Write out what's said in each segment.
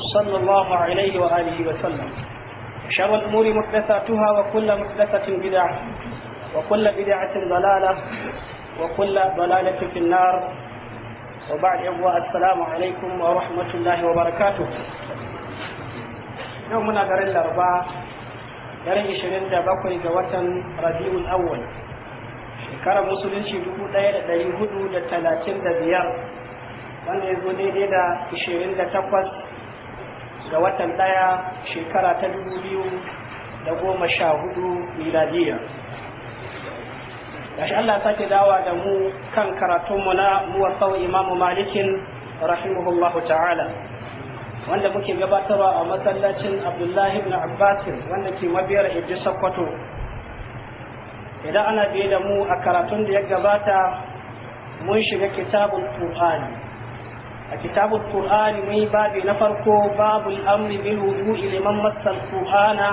صلى الله عليه وآله وسلم شر الأمور محدثاتها وكل محدثة بدعة وكل بدعة ضلالة وكل ضلالة في النار وبعد إخوة السلام عليكم ورحمة الله وبركاته يومنا غير الأربعاء daren 27 ga watan rabi'ul awwal دائرة musulunci 1435 wanda ya zo daidai da 28 ga watan ɗaya shekara ta dubu biyu da goma sha hudu miladiya gashi Allah sake dawa da mu kan karatunmu na muwasau imamu malikin rahimahullahu ta'ala wanda muke gabatarwa a masallacin abdullahi ibn abbasin wanda ke mabiyar idris sokoto idan ana biye da mu a karatun da ya gabata mun shiga kitabul qur'ani a kitabu qur'ani mai babi na farko babu al'amri bil wudu'i liman massal qur'ana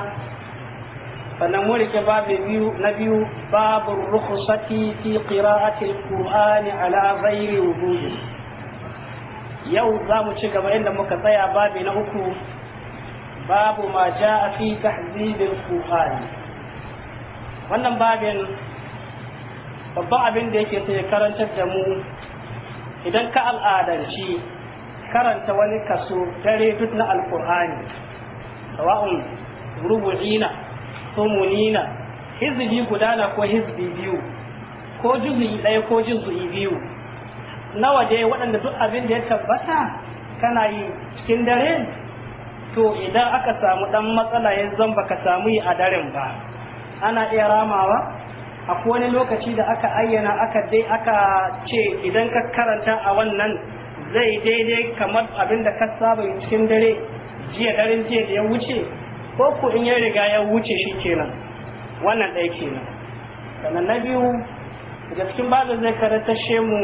sannan mu rike babu biyu na biyu babu rukhsati fi qira'ati al-qur'ani ala ghairi yau za mu ci gaba inda muka tsaya babi na uku babu ma jaa fi tahzib al-qur'ani wannan babin babban abin da yake sai karantar da mu idan ka al'adarci karanta wani kaso dare duk na alkur'ani sawa'un rubu'ina sumunina hizbi gudana ko hizbi biyu ko juzu'i ɗaya ko juzu'i biyu nawa dai waɗanda duk abin da ya tabbata kana yi cikin dare to idan aka samu ɗan matsala ya zan baka samu yi a daren ba ana iya ramawa akwai wani lokaci da aka ayyana aka dai aka ce idan ka karanta a wannan zai daidai kamar abin da ka saba cikin dare jiya daren jiya da ya wuce ko ku in ya riga ya wuce shi kenan wannan ɗaya kenan sannan na biyu da cikin ba zai karanta mu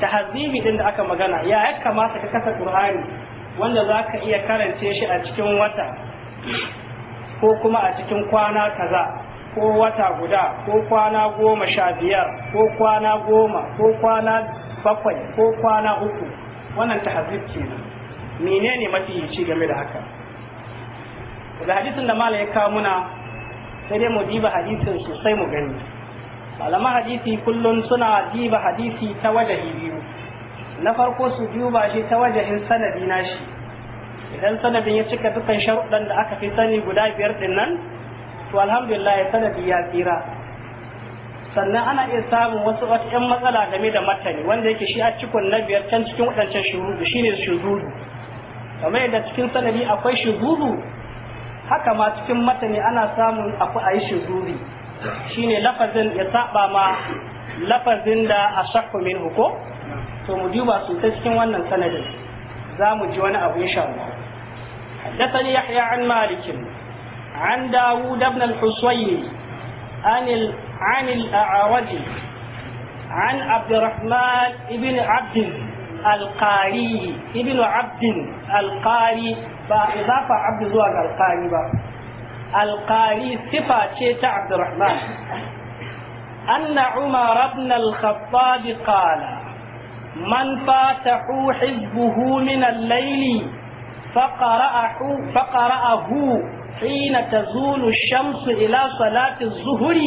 ta hazibi din da aka magana ya ya kamata ka kasa ƙur'ani wanda za ka iya karance shi a cikin wata ko kuma a cikin kwana kaza ko wata guda ko kwana goma sha biyar ko kwana goma ko kwana bakwai ko kwana uku wannan tahzib kenan menene mafi ci game da haka da hadisin da mala ya kawo muna sai dai mu diba hadisin sosai mu gani malaman hadisi kullum suna diba hadisi ta wajahi biyu na farko su duba shi ta wajahin sanadi na shi idan sanadin ya cika dukkan sharuɗan da aka fi sani guda biyar din nan to alhamdulillah sanadi ya tsira sannan ana iya samun wasu wata yan matsala game da matani wanda yake shi a cikin na biyar can cikin waɗancan shurudu shine shurudu kamar yadda cikin sanadi akwai shurudu haka ma cikin matani ana samun akwai ayi Shi shine lafazin ya saba ma lafazin da a shakku min ko to mu duba sosai cikin wannan sanadin za mu ji wani abu insha Allah حدثني يحيى عن مالك عن داود بن الحصين عن ال... عن الأعرج عن عبد الرحمن بن عبد القاري ابن عبد القاري بإضافة عبد زواج القاري با. القاري صفة شيت عبد الرحمن أن عمر بن الخطاب قال من فاته حزبه من الليل فقرأه, فقرأه حين تزول الشمس إلى صلاة الظهر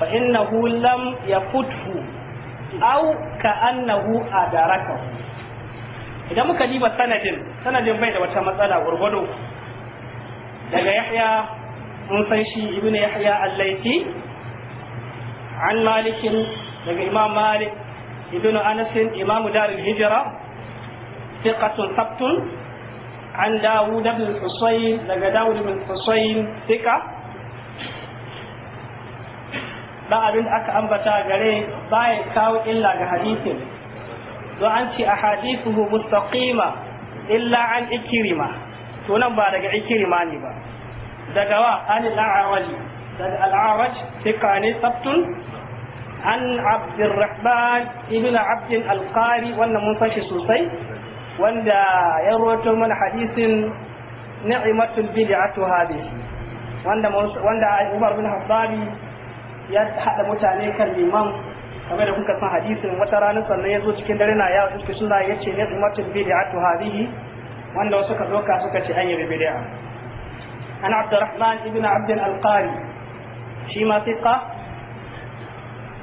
فإنه لم يفته أو a daraka. idan muka diba sanadin sanadin bai da wata matsala gurgudu daga yahya mun san shi ibnu yahya al-laiti an malikin daga imam malik ibnu anas imamu darul hijra thiqatun sabtun عن داود بن الحصين لقى داود بن الحصين ثقة ba abin da aka ambata gare baya kawo illa ga hadisin don an ce a hadisuhu mustaqima illa an ikirima to nan ba daga ikirima ne ba daga wa an al'araj daga al'araj tika ne an mun fashe sosai wanda ya rawaito mana hadisin ni'matul bid'atu hadhihi wanda wanda Umar bin Khattabi ya hada mutane kan limam kamar da kuka san hadisin wata rana sannan ya zo cikin dare na ya suke suna ya ce ni'matul bid'atu hadhihi wanda wasu ka doka suka ce an yi bid'a an Abdurrahman ibn Abd al-Qari shi ma thiqa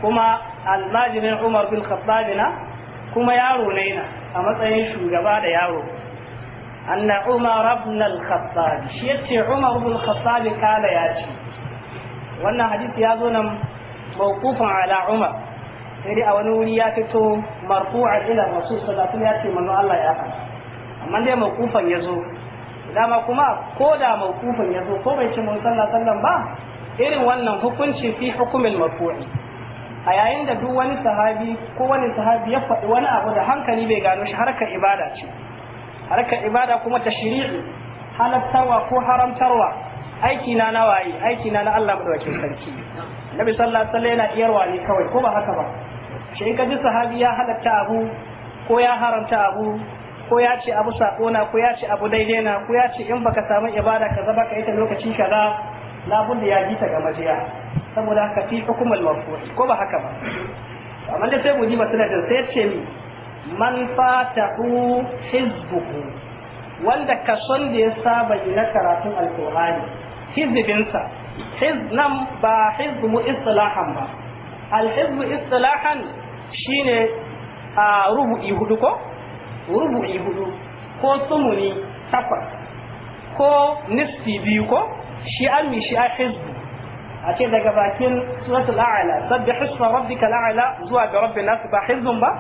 kuma almajirin Umar bin Khattab na kuma yaro ne na a matsayin shugaba da yaro anna umar ibn al-khattab shi yace umar ibn al-khattab kala ya ce wannan hadisi ya zo nan mawqufan ala umar sai dai a wani wuri ya fito marfu'a ila rasul sallallahu alaihi wasallam ya ce manzo Allah ya faɗa amma dai mawqufan ya zo dama kuma ko da mawqufan ya zo ko bai ce manzo sallallahu alaihi wasallam ba irin wannan hukunci fi hukumin marfu'i a yayin da duk wani sahabi ko wani sahabi ya faɗi wani abu da hankali bai gano shi harkar ibada ce harkar ibada kuma ta shiri'i halattarwa ko haramtarwa aiki na na waye aiki na na Allah madaukakin sarki nabi sallallahu alaihi wasallam yana iyarwa ne kawai ko ba haka ba shi in ka sahabi ya halatta abu ko ya haramta abu ko ya ce abu saƙona ko ya ce abu daidai na ko ya ce in baka samu ibada ka zaba ka ita lokaci kaza labun da ya ji ta ga majiya saboda haka fi hukumar marfu ko ba haka ba amma da sai mu ji masana da sai ce mi man fatahu hizbuhu wanda kason da ya saba yi na karatun alkur'ani hizbinsa nan ba hizb mu istilahan ba alhizb istilahan shine a rubu'i hudu ko rubu'i hudu ko sumuni takwas ko nisfi biyu ko shi mi shi a hizbu a ce daga bakin suratul a'la sabbi hisma rabbika al'ala zuwa ga rabbin nas ba hizbun ba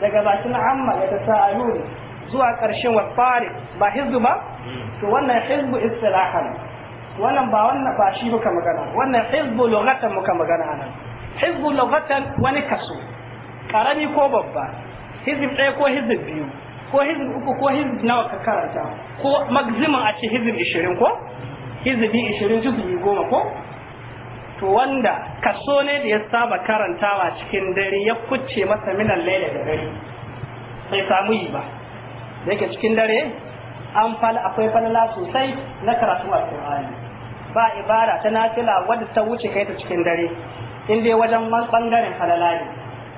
daga bakin amma ya tasaalun zuwa karshen wa fari ba hizbu ba to wannan hizbu istilahan wannan ba wannan ba shi muka magana wannan hizbu lughatan muka magana anan hizbu lughatan wani kaso karami ko babba hizb ɗaya ko hizb biyu ko hizb uku ko hizb nawa ka karanta ko magzimin a ce hizb 20 ko hizbi 20 juzuyi goma ko to wanda kaso ne da ya saba karantawa cikin dare ya kucce masa minan laila da dare sai samu yi ba da yake cikin dare an fal akwai falala sosai na karatu alqur'ani ba ibada ta nafila wadda ta wuce kai ta cikin dare in dai wajen bangaren falala ne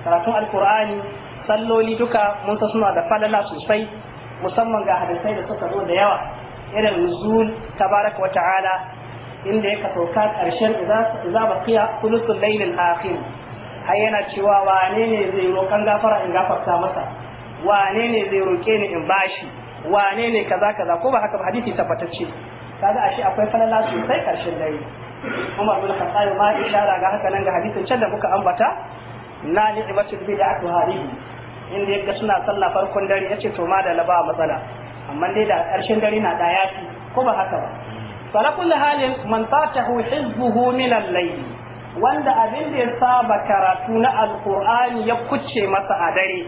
karatun alqur'ani salloli duka mun san suna da falala sosai musamman ga hadisai da suka zo da yawa irin nuzul tabaraka wa ta'ala inda ya sauka karshen za ba kiya layl al-akhir har yana cewa wane ne zai roƙan gafara in gafarta masa wane ne zai roƙe ni in bashi wane ne kaza kaza ko ba haka ba hadisi tabbatacce kaga ashe akwai falala sosai karshen dare Umar bin Khattab ma ishara ga haka nan ga hadisin can da muka ambata na ni'matul bid'atu hadihi inda yake suna sallah farkon dare yace to ma da laba matsala amma dai da karshen dare na da yafi ko ba haka ba fara kulli halin man hu hizbuhu min al-layl wanda abin da ya saba karatu na alqur'ani ya kucce masa a dare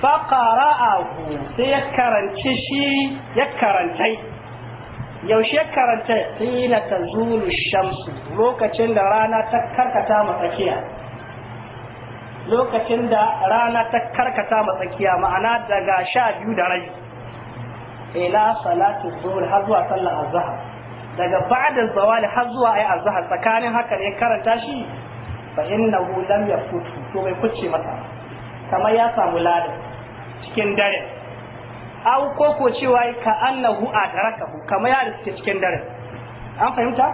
fa qara'ahu sai ya karanci shi ya karantai yaushe ya karanta hina tazulu shamsu lokacin da rana ta karkata matsakiya lokacin da rana ta karkata matsakiya ma'ana daga sha biyu da rai ila salatu zuhur har zuwa sallar azhar daga ba'da zawali har zuwa ayi azhar tsakanin haka ne karanta shi fa innahu lam yafut to bai kuce masa kamar ya samu ladan cikin dare aw ko ko cewa ka annahu adrakahu kamar ya rike cikin dare an fahimta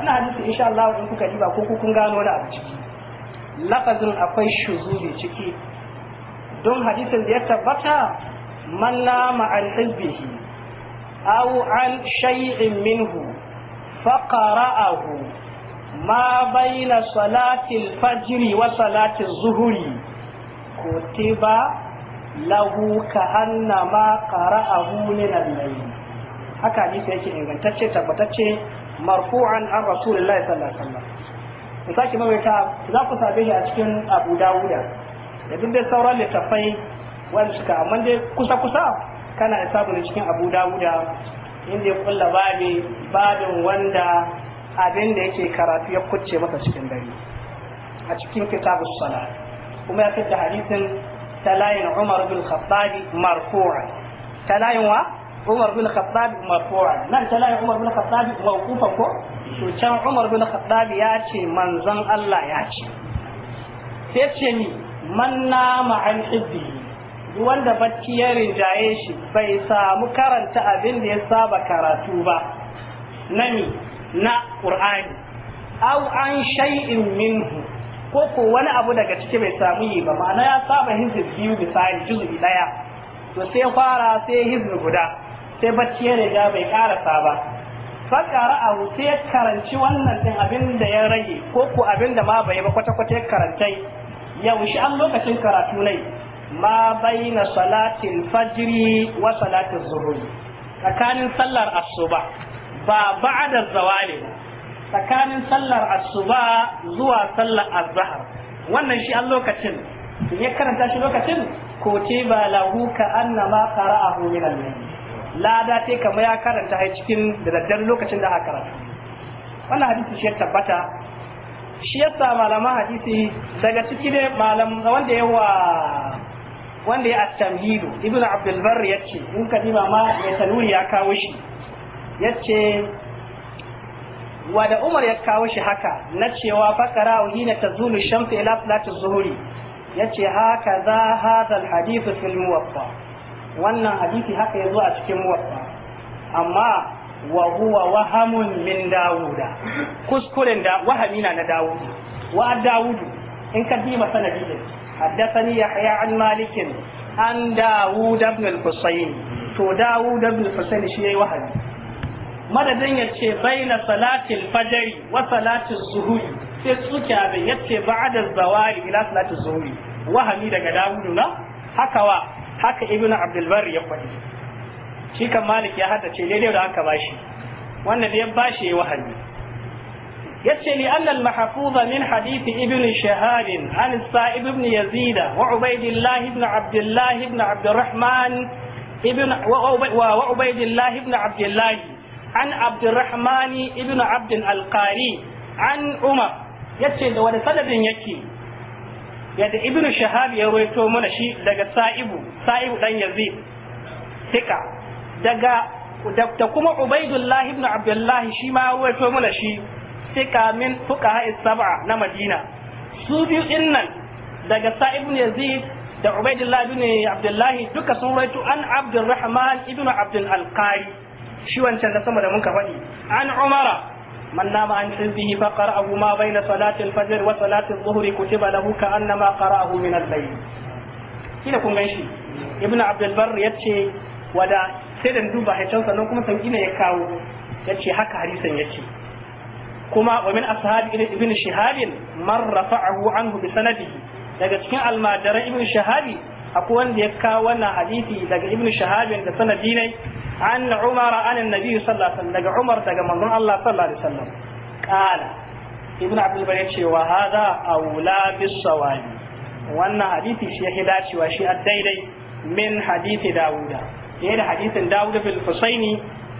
ana hadisi insha Allah in kuka diba ko kun gano da abu ciki lafazin akwai shuzuri ciki don hadisin da ya tabbata man nama an hizbihi أو عن شيء منه فقرأه ما بين صلاة الفجر وصلاة الظهر كتب له كأنما قرأه من الليل haka sai yake ingantacce tabbatacce marfu'an an rasulullahi sallallahu alaihi wasallam ku sake mamaita za ku sabe shi a cikin abu dawuda da duk dai sauran littafai wanda suka amma dai kusa kusa kana isabun cikin abu dawuda inda ya kulla babi babin wanda abin da yake karatu ya kucce masa cikin dare a cikin kitabu sala kuma ya fitta hadisin ta umar bin khattab marfu'a ta wa umar bin khattab marfu'a nan ta umar bin khattab mawqufa ko to can umar bin khattab ya ce manzon Allah ya ce sai ce ni man nama an wanda bacci ya rinjaye shi bai samu karanta abin da ya saba karatu ba nami na qur'ani au an shay'in minhu ko ko wani abu daga ciki bai samu yi ba ma'ana ya saba hizbi biyu misali juz'i daya to sai fara sai hizbi guda sai bacci ya riga bai karasa ba fakara a sai ya karanci wannan din abin da ya rage ko ko abin da ma bai ba kwata-kwata ya karantai yaushe an lokacin karatu nai ma baina salatil fajiri wa salatil zuhri tsakanin sallar asuba ba ba'da zawali tsakanin sallar asuba zuwa sallar azhar wannan shi an lokacin ya karanta shi lokacin ko ce ba lahu ka a qara'ahu min al lada sai kamar ya karanta a cikin da lokacin da aka karanta wannan hadisi shi ya tabbata shi yasa malaman hadisi daga ciki ne malam wanda yawa wanda ya at-tamhidu ibnu abdul barr yace in ka diba ma mai tanuri ya kawo shi yace wa da umar ya kawo shi haka na cewa fakara hina tazulu shamsu ila salatu zuhuri yace haka za hadha al-hadith fil muwaffa wannan hadisi haka yazo a cikin muwaffa amma wa huwa wahamun min dawuda kuskuren da wahami na na dawudu wa dawudu in ka diba sanadi حدثني يحيى عن مالك عن داوود بن الحسين تو داوود بن الحسين شيء وهمي madadin ya ce baina salatil fajari wa salatil zuhuri sai suke abin ya ce ba da zawari ila salatil zuhuri wahami daga Dawud na haka wa haka ibnu abdulbar ya kwadi shi kan malik ya haddace daidai da ba shi wannan ne ya bashi ya wahami yace li anna al-mahfuz min hadith ibn shahab an sa'ib ibn yazid wa ubaydillah ibn abdullah ibn abdurrahman ibn wa ubaydillah ibn abdullah an abdurrahman ibn abd al-qari an umar yace da wani sanadin yake yadda ibn shahab ya rawaito mana shi daga sa'ibu sa'ibu dan yazid tika daga da kuma ubaidullah ibn abdullah shi ma ya rawaito mana shi sika min ha sab'a na Madina su biyu dinnan daga Sa'ib ibn Yazid da Ubaidillah ibn Abdullah duka sun raitu an Abdurrahman ibn Abdul Alqari shi wancan da sama da mun ka faɗi an Umara من نام عن حزبه فقرأه wa بين صلاة الفجر وصلاة الظهر كتب annama كأنما قرأه من الليل kila kun gan shi ibnu abdul yace wada sai da duba haicansa nan kuma sauki ina ya kawo yace haka hadisan yace kuma wa min ashabi ibn shihabin man rafa'ahu anhu bi sanadihi daga cikin almajiran ibn shahabi akwai wanda ya kawo wannan hadisi daga ibn shahabin da sanadi ne an umar an annabi sallallahu alaihi wasallam daga umar daga manzon Allah sallallahu alaihi wasallam qala ibn abdul bari ce wa hada aula bis sawabi wannan hadisi shi yake dacewa shi a daidai min hadisi dawuda yayin da hadisin dawuda bil husaini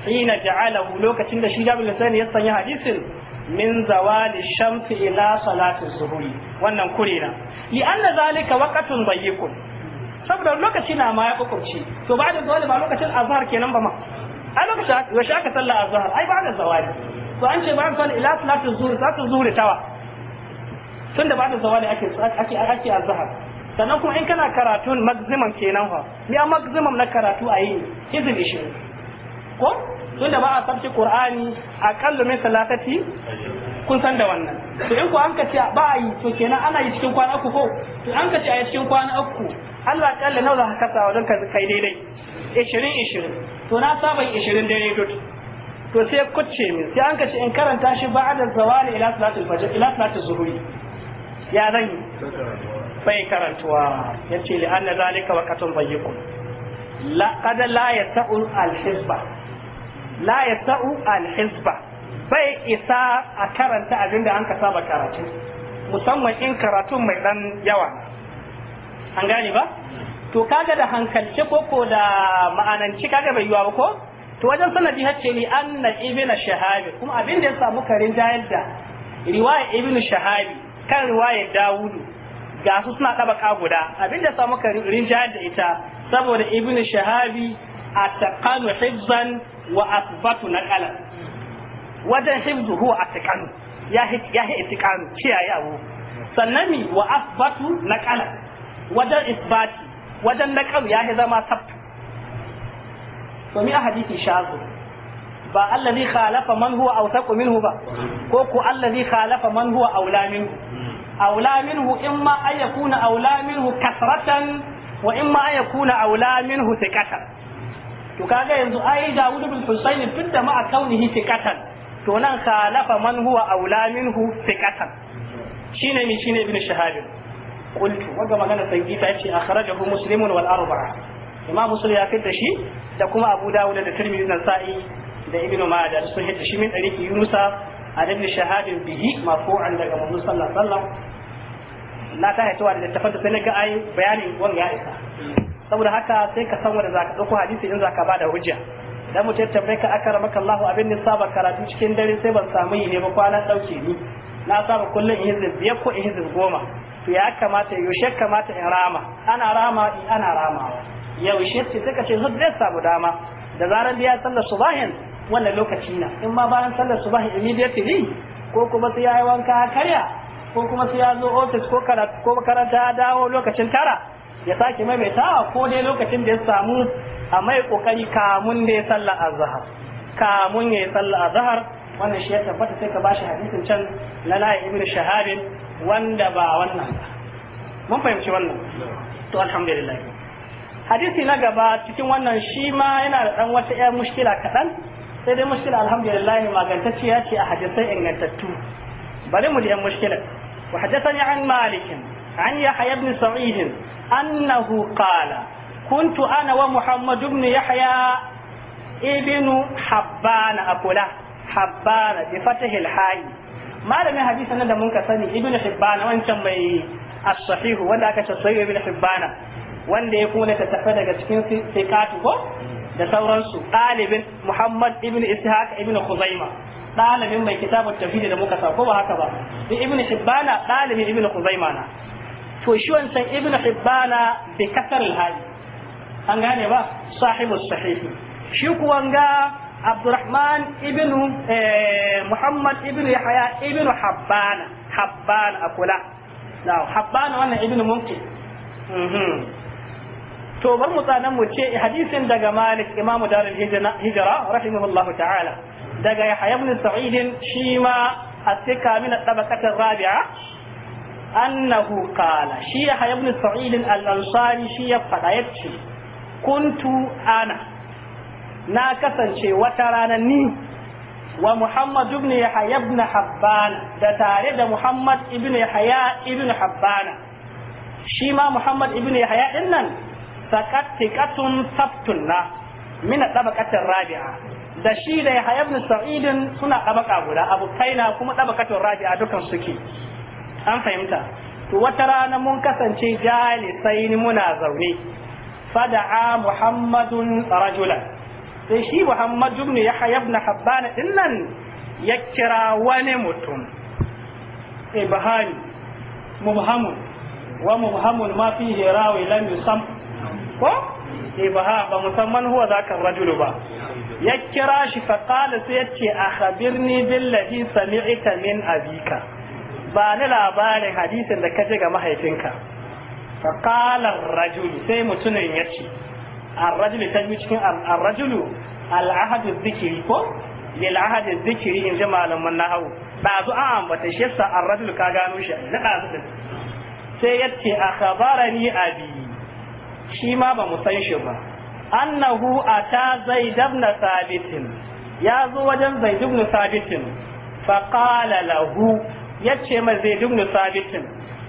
hina ja'alahu lokacin da shi dawuda bil husaini ya sanya hadisin min zawali shamsi ila salati zuhuri wannan kure na li anna zalika waqtun dayyikun saboda lokaci na ma ya kukurci to ba da dole ba lokacin azhar kenan ba ma a lokacin yaushe aka sallah azhar ai ba da zawali to an ce ba da sallah ila salati zuhuri salati zuhuri tawa tunda ba da zawali ake ake ake azhar sannan kuma in kana karatun magziman kenan fa ni a magzimam na karatu a yi izin ishirin ko tunda ba a sabci qur'ani kallo mai salatati kun san da wannan to in ku an ka ce ba a yi to kenan ana yi cikin kwana uku ko to an ka ce a yi cikin kwana uku Allah kalle nawa za ka kasa don ka kai daidai 20 20 to na saba 20 daidai to to sai kucce min sai an ka ce in karanta shi da zawali ila salatul fajr ila salatul zuhri ya zan yi bai karantuwa yace li anna zalika waqtun bayyikun la la yasa'u al-hizba la sa'u al hisba bai isa a karanta abin da an ka saba karatu musamman in karatun mai dan yawa an gane ba to kaga da hankalce ko da ma'ananci kaga bai yiwa ba ko to wajen sanadi hacce ni anna ibnu shahabi kuma abin da ya samu karin jayar da riwaya ibnu shahabi kan riwaya dawudu ga su suna ɗabaka guda abin da samu karin jayar da ita saboda ibnu shahabi a taqanu hibzan wa asbatu naqala wajen hifzu huwa atiqanu ya hi ya hi itiqanu wa asbatu naqala wajen isbati wajen naqalu ya hi zama sabta to mi a hadisi shazu ba allazi khalafa man huwa awsaqu minhu ba ko ko allazi khalafa man huwa aula minhu aula minhu imma an yakuna aula minhu wa minhu to kaga yanzu ai Dawud bin Husayn tun da ma kaunihi thiqatan to nan khalafa man huwa aula minhu thiqatan shine mi shine ibn Shahab qultu wanda magana sanki ta ce akhrajahu muslimun wal arba'a imam muslim ya fitta shi da kuma Abu Dawud da Tirmidhi da Sa'i da Ibn Majah sun hitta shi min dariki Yunusa a ibn Shahab bihi marfu'an daga Muhammad sallallahu alaihi wasallam na ta haituwa da tafanta sai na ga ai bayanin wanga ya isa saboda haka sai ka san wanda zaka dauko hadisi in zaka bada hujja dan mu tattabe ka akara maka Allahu abin ni saba karatu cikin dare sai ban samu yi ne ba kwana dauke ni na saba kullun in hizib biyar ko in hizib goma to ya kamata yaushe kamata in rama ana rama in eh, ana rama yaushe ce sai ka ce zai samu dama da zarar biya sallar subahin wannan lokaci na in ma bayan sallar subahin immediately ko kuma sai yayi wanka karya ko kuma sai ya zo office ko karatu ko makaranta dawo lokacin tara ya sake maimaitawa ko dai lokacin da ya samu a mai kokari kamun da ya salla azhar kamun ya salla azhar wannan shi ya tabbata sai ka bashi hadisin can na layi ibnu shahabin wanda ba wannan ba mun fahimci wannan to alhamdulillah hadisi na gaba cikin wannan shi ma yana da dan wata ƴar mushkila kaɗan sai dai mushkila alhamdulillah magantacciya ce a hadisai ingantattu bari mu ji ƴan mushkilar وحدثني عن مالك عن يحيى بن سعيد أنه قال كنت أنا ومحمد بن يحيى ابن حبان أقوله حبان بفتح الحي ما لم يحديث أنا لم سني ابن حبان وانت مي الصحيح ولا كتصحيح ابن حبان wanda ya kuna ta tafi daga cikin sikatu ko da sauransu ɗalibin muhammad ibn ishaq ibn khuzaima ɗalibin mai kitabun tafsir da muka sa ko ba haka ba ibn hibbana ɗalibin ibn khuzaima na to shi wancan ibn hibbana bi kasar hali an gane ba sahibu sahihi shi kuwa ga abdurrahman ibn eh, muhammad ibn yahya ibn habbana habbana akula na habbana wannan ibn mumkin mhm. to bar mu tsanan mu ce hadisin daga Malik Imam Darul Hijra rahimahullah ta'ala daga Yahya ibn Sa'id shi ma a tsika min tabaqat rabi'a annahu qala shi ya ibn sa'id al-ansari shi ya fada yace kuntu ana na kasance wata rana ni wa Muhammad ibn Yahya ibn Habban da tare da Muhammad ibn Yahya ibn Habban shi ma Muhammad ibn Yahya din nan sakattikatun mina min tabaqatir rabi'a da shi da Yahya ibn Sa'id suna tabaka guda abukaina kuma tabaqatur rabi'a dukan suke an fahimta to wata rana mun kasance jalisai muna zaune fada'a muhammadun rajula. sai shi Muhammadu ibn yahya ibn habban dinnan ya kira wani mutum ibhani eh, mubhamun wa mubhamun ma fihi rawi lam yusam ko ibha eh, ba musamman huwa zaka rajulu ba ya kira shi fa qala sai yace akhbirni billadhi sami'ta min abika ba ni labarin hadisin da ka ji ga mahaifinka faƙalar rajulu sai mutumin ya ce Ar rajul ta biyu cikin Ar Al al'ahadu zikiri ko lil'ahadu zikiri in ji malaman na ba ɗazu a ambata shi ar rajul ka gano shi na ɗazu ɗin sai ya ce a khabarani abi shi ma ba mu san shi ba annahu ata zaid ibn thabit ya zo wajen zaid ibn thabit qala lahu yace ma zai dubnu sabitin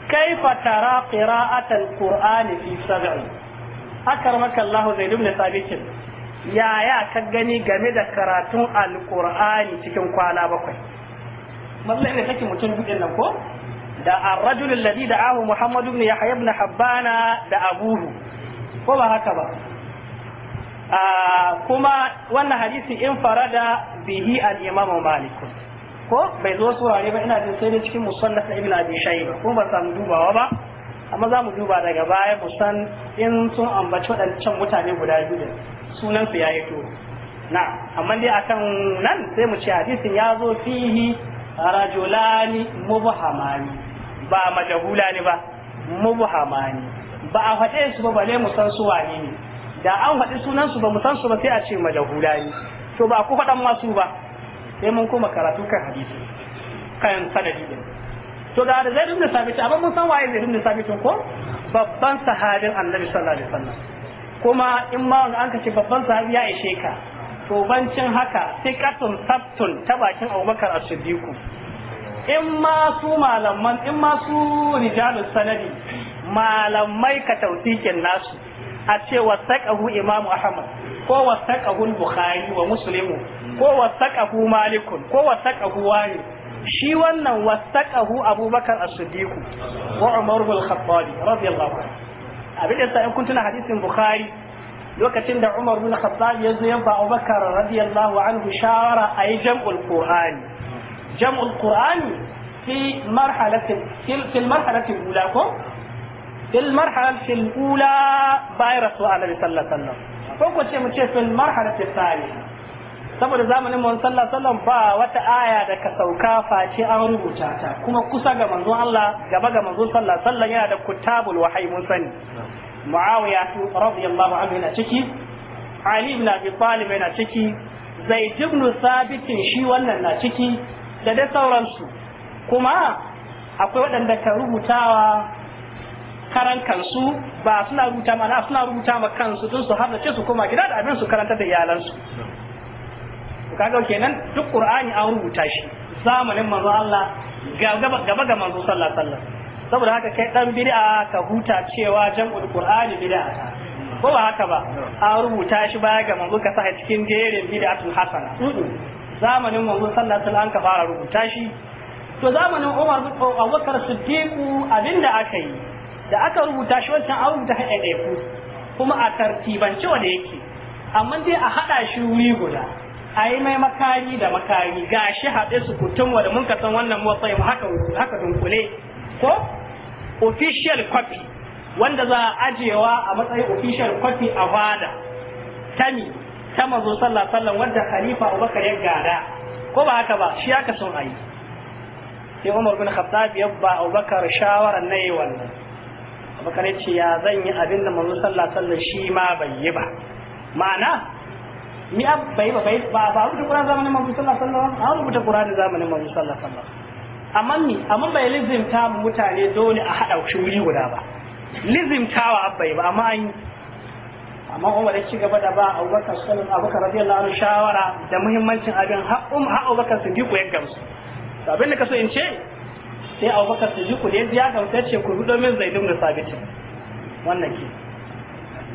kaifa tara qira'atal qur'ani fi sab'i akramaka Allah zai dubnu ya yaya ka gani game da karatun alqur'ani cikin kwana bakwai mallai ne kake mutum dudin nan ko da ar-rajul alladhi da'ahu Muhammad ibn Yahya ibn Habbana da abuhu ko ba haka ba ah, kuma wannan hadisi in farada bihi al-Imam Malik ko bai zo surare ba ina jin sai dai cikin musannaf na ibn abi shayba ko ba samu dubawa ba amma za mu duba daga baya mu san in sun ambaci waɗancan mutane guda biyu sunan su ya yi to na amma dai akan nan sai mu ci hadisin ya zo fihi rajulani mubhamani ba majahulani ba mubhamani ba a faɗe su ba bale mu san su wane ne da an faɗi sunan su ba mu san su ba sai a ce majahulani to ba ku faɗan masu ba sai mun koma karatu kan hadisi kan sanadi din to da da zaid ibn sabit amma mun san waye zaid ibn sabit ko babban sahabin annabi sallallahu alaihi wasallam kuma in ma wanda an ce babban sahabi ya ishe ka to bancin haka sai katun sabtun ta bakin abubakar as-siddiq in ma su malaman in ma su rijalus sanadi malamai ka tawfikin nasu a ce wasaqahu imamu ahmad ko wasaqahu bukhari wa muslimu ko wasaqahu malikun ko wasaqahu wani shi wannan wasaqahu abubakar as-siddiq wa umar ibn al-khattab radiyallahu anhu abin da sai kun tuna hadisin bukhari lokacin da umar ibn al-khattab ya zo yabba abubakar radiyallahu anhu shawara ay jam'ul qur'an jam'ul qur'ani fi مرحلة في المرحلة الأولى في المرحلة الأولى بايرس النبي صلى sallallahu alaihi wasallam ko ce mu ce fi marhalatin ta tsari saboda zamanin manzon sallallahu alaihi wasallam ba wata aya da ka sauka face an rubuta ta kuma kusa ga manzon Allah gaba ga manzon sallallahu alaihi wasallam yana da kutabul wahyi mun sani Muawiya radiyallahu anhu yana ciki Ali ibn Abi Talib yana ciki Zaid ibn Sabit shi wannan na ciki da dai sauransu kuma akwai waɗanda ka rubutawa karan kansu ba suna rubuta mana suna rubuta ma kansu tun su har ce su koma gida da abin su karanta da iyalansu kaga kenan duk qur'ani an rubuta shi zamanin manzo Allah gaba ga manzo sallallahu alaihi wasallam saboda haka kai dan bid'a ka huta cewa jam'ul qur'ani bid'a ko ba haka ba an rubuta shi baya ga manzo ka sa cikin jerin bid'atul hasana zamanin manzo sallallahu alaihi wasallam ka fara rubuta shi to zamanin Umar bin Abubakar Siddiq abinda aka yi da aka rubuta shi wancan an rubuta haɗe kuma a tartibance wanda yake amma dai a haɗa shi wuri guda a yi mai makari da makari ga shi haɗe su kutum wa da mun ka san wannan motsayin haka haka dunkule ko official copy wanda za a ajewa a matsayin official copy a fada tani ta mazo sallah sallan wanda khalifa Abubakar ya gada ko ba haka ba shi haka sun ayi sai Umar bin Khattab ya ba Abubakar shawaran nayi wannan Abubakar ya ce ya zan yi abin da manzo sallah shi ma bai yi ba ma'ana mi ab bai ba ba ba rubuta Qur'ani zamanin Manzo sallallahu alaihi wasallam an rubuta Qur'ani zamanin Manzo sallallahu alaihi wasallam amma ni amma bai lizimta mutane dole a hada shi wuri guda ba lizimtawa bai ba amma an amma Umar ya ci gaba da ba Abubakar sallallahu alaihi Abubakar radiyallahu anhu shawara da muhimmancin abin har um bakar Abubakar Siddiq ya gamsu abin da kaso in ce sai Abubakar Siddiq ne ya gamsu ya ce ku rudo min Zaid ibn Sabit wannan ke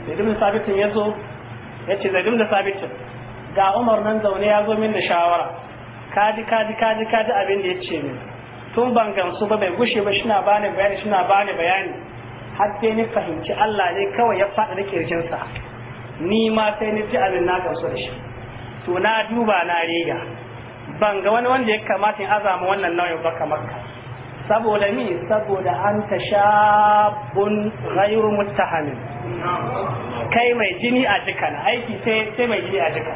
Zaid ibn Sabit ya zo yace zaid da Sabitu, ga umar nan zaune ya zo min da shawara kaji kaji kaji kaji abin da ya ce min tun ban gamsu ba bai gushe ba shina bani bayani shina bani bayani har sai ni fahimci Allah ne kawai ya faɗa da kirjin sa ni ma sai ni ji abin na gamsu da shi to na duba na riga ban ga wani wanda ya kamata in azama wannan nauyin ba kamar ka saboda mi saboda an ta shabun ghairu muttahamin kai mai jini a jika na aiki sai sai mai jini a jika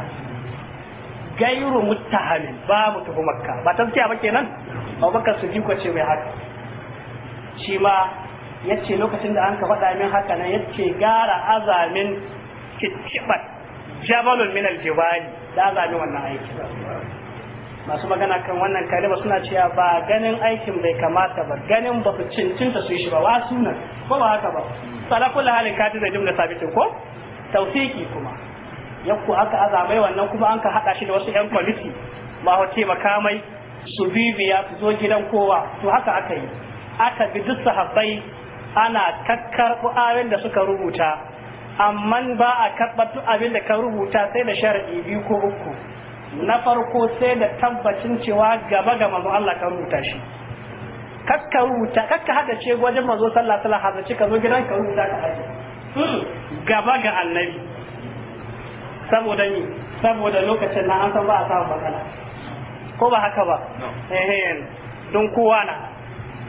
gairu muttahamin ba mu tuhu makka ba taskiya ba kenan abubakar su jiko ce mai haka shi ma ya ce lokacin da an ka faɗa min haka nan ya ce gara azamin kicibar jabalun minal jibali da azamin wannan aiki masu magana kan wannan kalima suna cewa ba ganin aikin bai kamata ba ganin ba su cincinta su yi shi ba wa sunan ko ba haka ba salakul halin kati da jumla sabitin ko tausiki kuma yakku aka azamai wannan kuma an ka hada shi da wasu yan kwaliti ma ho makamai su bibiya su zo gidan kowa to haka aka yi aka bi duk sahabbai ana kakkar ayoyin da suka rubuta amma ba a karɓar duk abin da ka rubuta sai da sharadi biyu ko uku na farko sai da tabbacin cewa gaba ga mazo Allah ka rubuta shi kakka rubuta kakka hada ce wajen mazo sallah sallah, wasallam ce ka zo gidan ka rubuta ka haje hmm, gaba ga annabi saboda ni saboda lokacin na an san ba a samu matsala ko ba haka ba eh don kowa na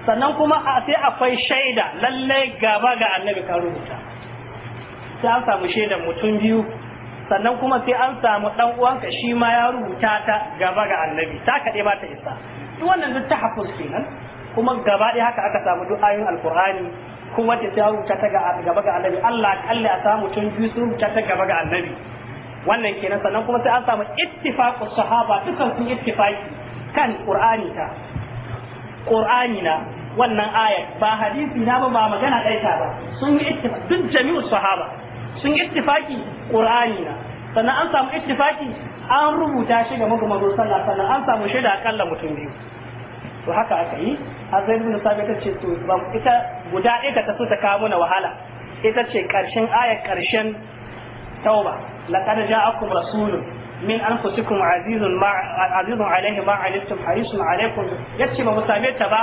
sannan kuma a sai akwai shaida lalle gaba ga annabi ka rubuta sai an samu shaidan mutum biyu sannan kuma sai an samu dan uwanka shi ma ya rubuta ta gaba ga annabi ta kaɗai ba ta isa duk wannan duk tahaffuz kenan kuma gaba ɗaya haka aka samu duk ayoyin alqur'ani kuma ta sai rubuta ta gaba ga annabi Allah kalle a samu tun biyu sun rubuta ta gaba ga annabi wannan kenan sannan kuma sai an samu ittifaqu sahaba dukan sun ittifaqi kan qur'ani ta qur'ani na wannan ayat ba hadisi na ba ba magana ɗaya ta ba sun yi ittifaq duk jami'u sahaba sun ittifaki qur'ani na sannan an samu ittifaki an rubuta shi ga magumago sallah sannan an samu shaida akalla mutum biyu to haka aka yi har zai ibn sabi ta ce to ita guda ɗaya ka tafi ta kawo mana wahala ita ce karshen ayar karshen tauba laqad ja'akum rasulun min anfusikum azizun ma azizun alaihi ma anittum harisun alaikum yace ba mu same ta ba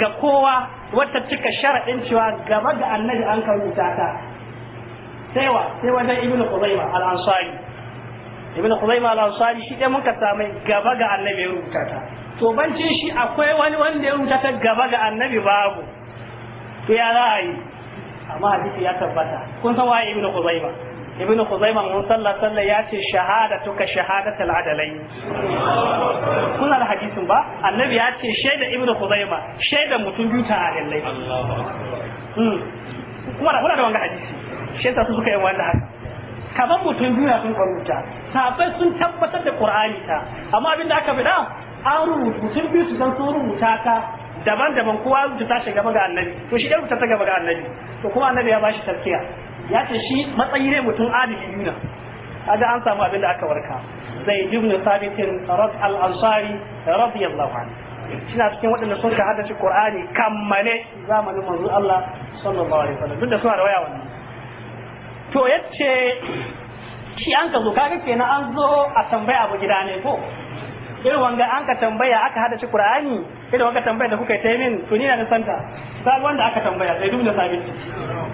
ga kowa wata cika sharaɗin cewa gaba da annabi an ka rubuta ta saiwa sai wajen ibnu khuzaima al-ansari ibnu khuzaima al-ansari shi dai muka samu gaba ga annabi ya rubuta ta to bancin shi akwai wani wanda ya rubuta ta gaba ga annabi babu to ya za a yi amma hadisi ya tabbata kun san waye ibnu khuzaima ibnu khuzaima mun sallah sallah ya ce shahadatu ka shahadatul adalai kun da hadisin ba annabi ya ce shaida ibnu khuzaima shaida mutum biyu ta adalai hmm. kuma da kuna da wannan hadisi shi yasa suka yi wannan haka kaman mutum biyu sun rubuta sahabbai sun tabbatar da qur'ani ta amma abinda aka da, an rubuta mutum biyu su san sun rubuta ta daban-daban kowa ta shi gaba ga annabi to shi ya rubuta ta gaba ga annabi to kuma annabi ya bashi tarkiya ya ce shi matsayi ne mutum adili yuna kaga an samu abin da aka warka zai ibn sabit rad al ansari radiyallahu anhu suna cikin waɗanda sun ka haddace qur'ani kammale zamanin manzo Allah sallallahu alaihi wasallam duk da suna rawaya wannan to yace shi an ka zo kaga kenan an zo a tambaya abu gida ne ko irin wanga an ka tambaya aka hada shi qur'ani irin wanga tambaya da kuka yi min to ni na santa sai wanda aka tambaya sai da sabiti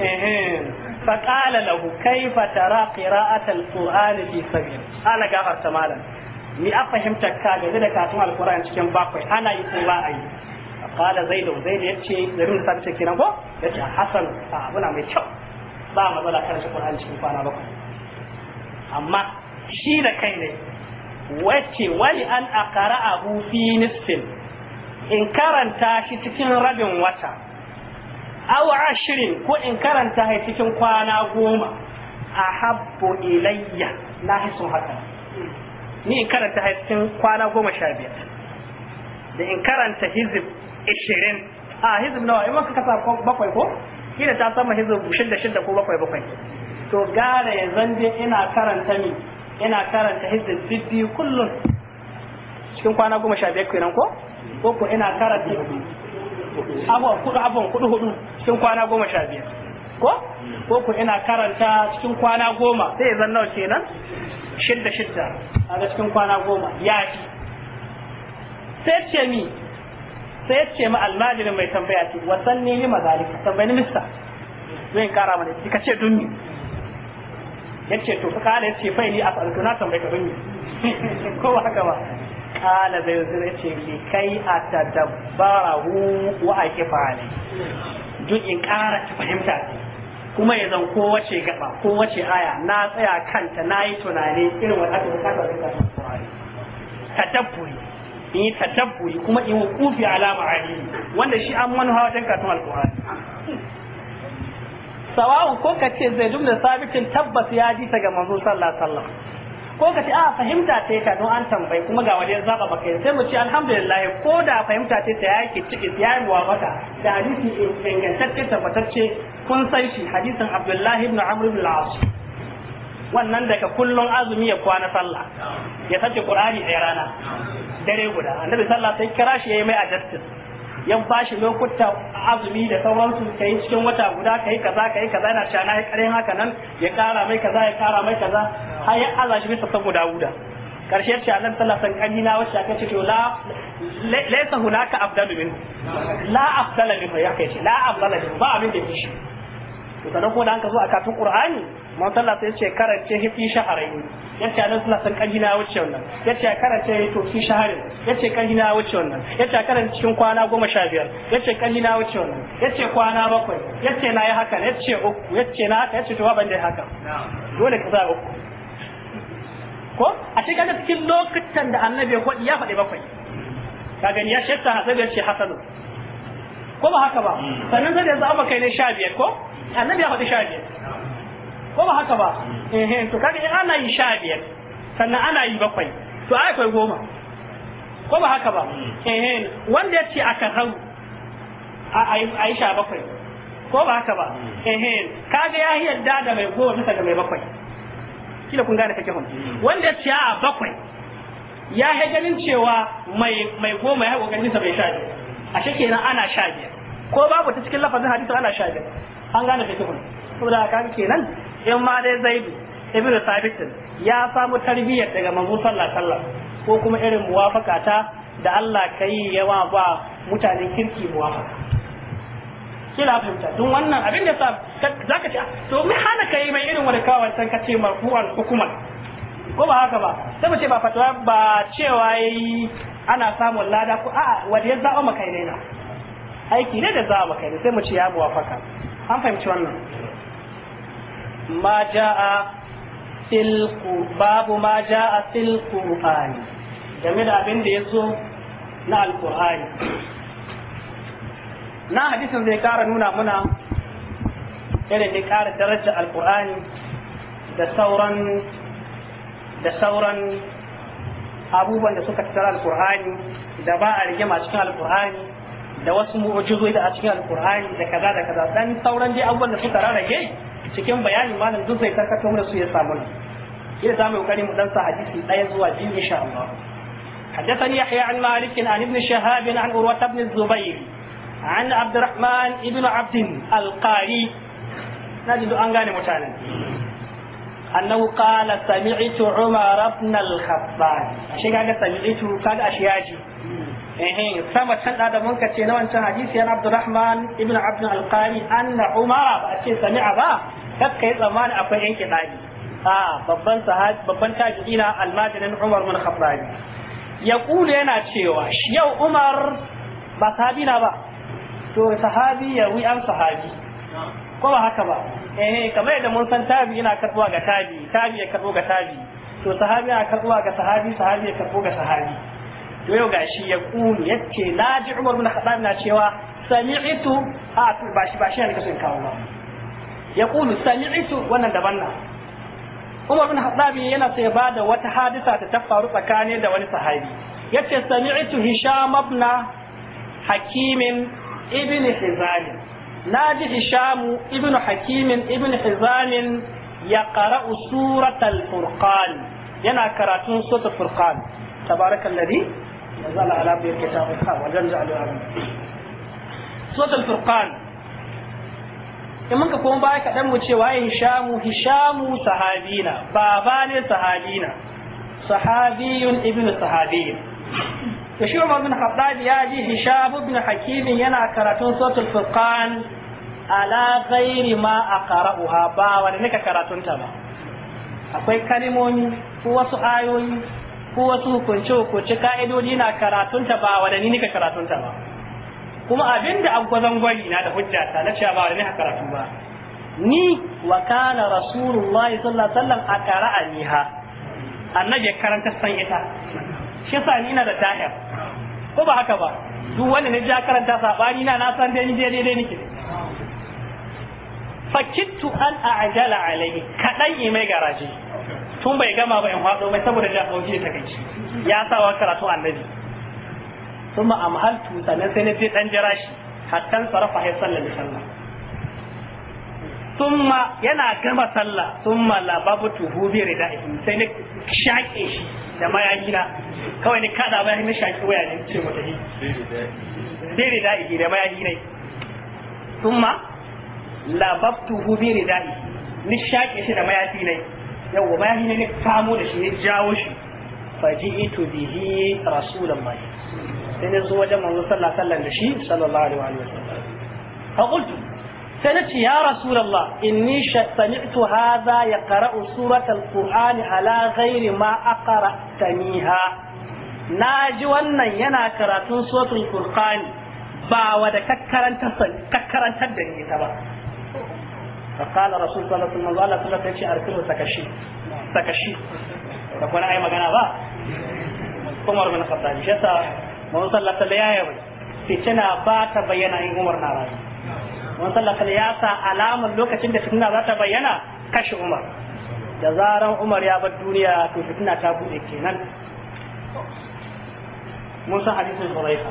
eh eh fa qala lahu kayfa tara qira'at al-qur'ani fi sabil ana gafar ta malam ni a fahimta ka ga da katun al-qur'ani cikin bakwai ana yi sai ba a yi qala zaidu zaidu yace da dubna sabiti kenan ko yace hasan abuna mai kyau ba matsala karanta Qur'ani cikin kwana bakwai amma shi da kai ne wacce wali an a fi nisfin in karanta shi cikin rabin wata aw ashirin ko in karanta shi cikin kwana goma ahabbu ilayya na hisun haka ni in karanta shi cikin kwana goma sha biyar da in karanta hizib ishirin. a hizib nawa in maka kasa bakwai ko kila ta sama hizar shidda shidda ko bakwai bakwai to gara ya zande ina karanta ni ina karanta hizar bibbi kullum cikin kwana goma sha biyar kenan ko ko ko ina karanta abu kudu abuwan kudu hudu cikin kwana goma sha biyar ko ko ko ina karanta cikin kwana goma sai ya zanna kenan shidda shidda a cikin kwana goma ya shi sai ce mi sai ya ce ma almajirin mai tambaya ce wasan ne ni mazalika tambayi mista zai kara mana ka ce dunni ya ce to kala ya ce fai ni a farko na tambayi ka dunni ko ba haka ba kala zai zai ce ki kai a tadabbarahu wa a ne duk in kara ki fahimta kuma ya zan kowace gaba kowace aya na tsaya kanta na yi tunani irin wanda aka bukata da ta tadabburi in yi tatabbuyi kuma in wukufi alama ma'ani wanda shi an manuha wajen katon alkur'ani sawa'un ko ka ce zai da sabitin tabbas ya ji ta ga manzo sallah? ko ka ce a ah, fahimta ta ka don an tambayi kuma ga wajen zaba baka yi sai mu ce alhamdulillah ko da fahimta ta ta yake ciki ya yi wa mata da hadisi ingantacce tabbatacce kun san shi hadisin abdullahi ibn amr ibn al wannan daga kullun azumi ya kwana sallah ya sace qur'ani ɗaya rana dare guda annabi sallah sai kira shi yi mai adaptis yan bashi lokuta azumi da sauransu kai cikin wata guda kai kaza kai kaza yana cewa nayi karin haka nan ya kara mai kaza ya kara mai kaza har ya aza shi bisa saboda guda karshe ce annabi sallah san kanina wacce aka ce to la laysa hunaka afdalu min la afdala min ya kai la afdala min ba abin da yake shi to sanan ko da an ka zo a katun qur'ani man sallah sai ce karance hifi shaharai yace annabi sallah san kaji na wuce wannan yace karance to fi shahararri, yace kaji na wuce wannan yace a karance cikin kwana goma sha biyar yace kaji na wuce wannan yace kwana bakwai yace na yi haka yace uku yace na haka yace to ban da haka dole ka sa uku ko a cikin cikin lokutan da annabi ya faɗi ya faɗi bakwai ka gani ya shekta hasabi ya ce hasanu ko ba haka ba sannan sai da yanzu an bakai ne sha biyar ko annabi ya faɗi sha biyar ko ba haka ba eh to kaga in ana yi sha biyar sannan ana yi bakwai to ai akwai goma ko ba haka ba eh wanda yace ce aka hau a ai sha bakwai ko ba haka ba eh kaga ya yarda da mai goma bisa da mai bakwai kila kun gane kake hon wanda yace ce a bakwai ya yi ganin cewa mai mai goma ya kokarin sa bai sha biyar ashe kenan ana sha biyar ko babu ta cikin lafazin hadisi ana sha biyar an gane kake hon saboda kaga kenan in ma dai zaidu ibnu sabitin ya samu tarbiyyar daga manzo sallallahu alaihi wasallam ko kuma irin muwafaka ta da Allah kai yawa ba mutanen kirki muwafaka kila fahimta don wannan abin da sa zaka ce to me hana kai mai irin wani kawai san ka ce marfu'an hukumar ko ba haka ba sai mu ce ba fatwa ba cewa yi ana samun lada ko a'a wanda ya zaba maka ne na aiki ne da zaba maka ne sai mu ce ya muwafaka an fahimci wannan ma ja'a babu ma ja'a fil game da abin da ya zo na alqur'ani na hadisin zai kara nuna muna irin da kara daraja alqur'ani da sauran da sauran abubuwan da suka tattara alqur'ani da ba a rigima cikin alqur'ani da wasu mu'ujizoyi a cikin alqur'ani da kaza da kaza dan sauran dai abubuwan da suka rarrage cikin bayanin malam duk zai karkato mana su ya samu ne ina za mu kokari mu dan sa hadisi daya zuwa biyu insha Allah حدثني يحيى عن مالك عن ابن شهاب عن عروة بن الزبير عن عبد الرحمن ابن عبد القاري نجد أنغاني متانا أنه قال سمعت عمر بن الخطاب أشياء قال سمعت قال أشياجي ehe sama can da mun ka ce na wancan hadisi yana Abdurrahman ibn Abd al-Qari anna Umar ba ce sami'a ba kakka yi tsammani akwai yan kiɗaɗi a babban sahabi babban tabi'ina almajirin Umar bin Khattab ya kula yana cewa yau Umar ba sahabi na ba to sahabi ya wi an sahabi ko ba haka ba eh kamar yadda mun san tabi yana karbuwa ga tabi tabi ya karbo ga tabi to sahabi yana karbuwa ga sahabi sahabi ya karbo ga sahabi to yau gashi ya kula yace naji Umar bin Khattab na cewa sami'tu a to ba shi ba shi ne kasan kawo ba ya kulu sami'tu wannan daban na Umar bin Khattab yana sai ba da wata hadisa ta ta faru tsakanin da wani sahabi yace sami'tu Hisham ibn Hakim ibn Hizam naji Hisham ibn Hakim ibn Hizam ya qara'u suratal Furqan yana karatun suratul Furqan tabarakallazi نزل على عبد الكتاب الحق وجل جعل العالم سورة Furqan. in muka kuma baya kaɗan mu cewa ya hishamu hishamu sahabina baba ne sahabina sahabiyun ibnu sahabiyin to shi Umar bin Khattab ya ji Hisham bin Hakim yana karatun suratul Furqan ala ghairi ma aqra'uha ba wanda nika karatun ta ba akwai kalimomi ko wasu ayoyi ko wasu hukunce hukunce ka'idodi na karatun ta ba wanda ni ka karatun ta ba kuma abinda an gwazon gwari na da hujja ta na cewa ba wani haka karatu ba ni wa kana rasulullah sallallahu alaihi wasallam a qara'a niha annabi karanta san ita shi sa ni ina da tahir ko ba haka ba duk wanda ne ja karanta sabani na na san dai ni dai dai nake fakittu an a'jala alai kadan yi mai garaje tun bai gama ba in hado mai saboda da kauci da takaici ya sa wa karatu annabi sun ma amhaltu sannan sai na je dan jira shi hatta sarafa ya sallar sallah summa yana gama sallah summa lababu tuhu bi rida'ihi sai na shaƙe shi da mayaki na kawai ni kada bayan na shaƙe waya ne ce mata hi bi rida'ihi da mayaki ne summa lababtuhu bi rida'ihi ni shaƙe shi da mayafi ne yawwa mayaki ne ni kamo da shi ya jawo shi faji'itu bihi rasulullahi sai na zo wajen manzo sallallahu sallan da shi sallallahu alaihi wasallam fa qultu sai nace ya rasulullah inni sami'tu hadha yaqra'u surat alqur'ani ala ghairi ma aqra'taniha na ji wannan yana karatun suratul qur'ani ba wa da kakkarantar da ni ta ba فقال رسول صلى الله عليه وسلم الله صلى سكشي سكشي تكون أي مكان أبا عمر بن الخطاب شتا mun sallata da yaya bai fitina ba ta bayyana in umar na rayu mun sallata ya sa alamar lokacin da fitina za ta bayyana kashe umar da zaran umar ya bar duniya to fitina ta buɗe kenan mun san hadisin Huraifa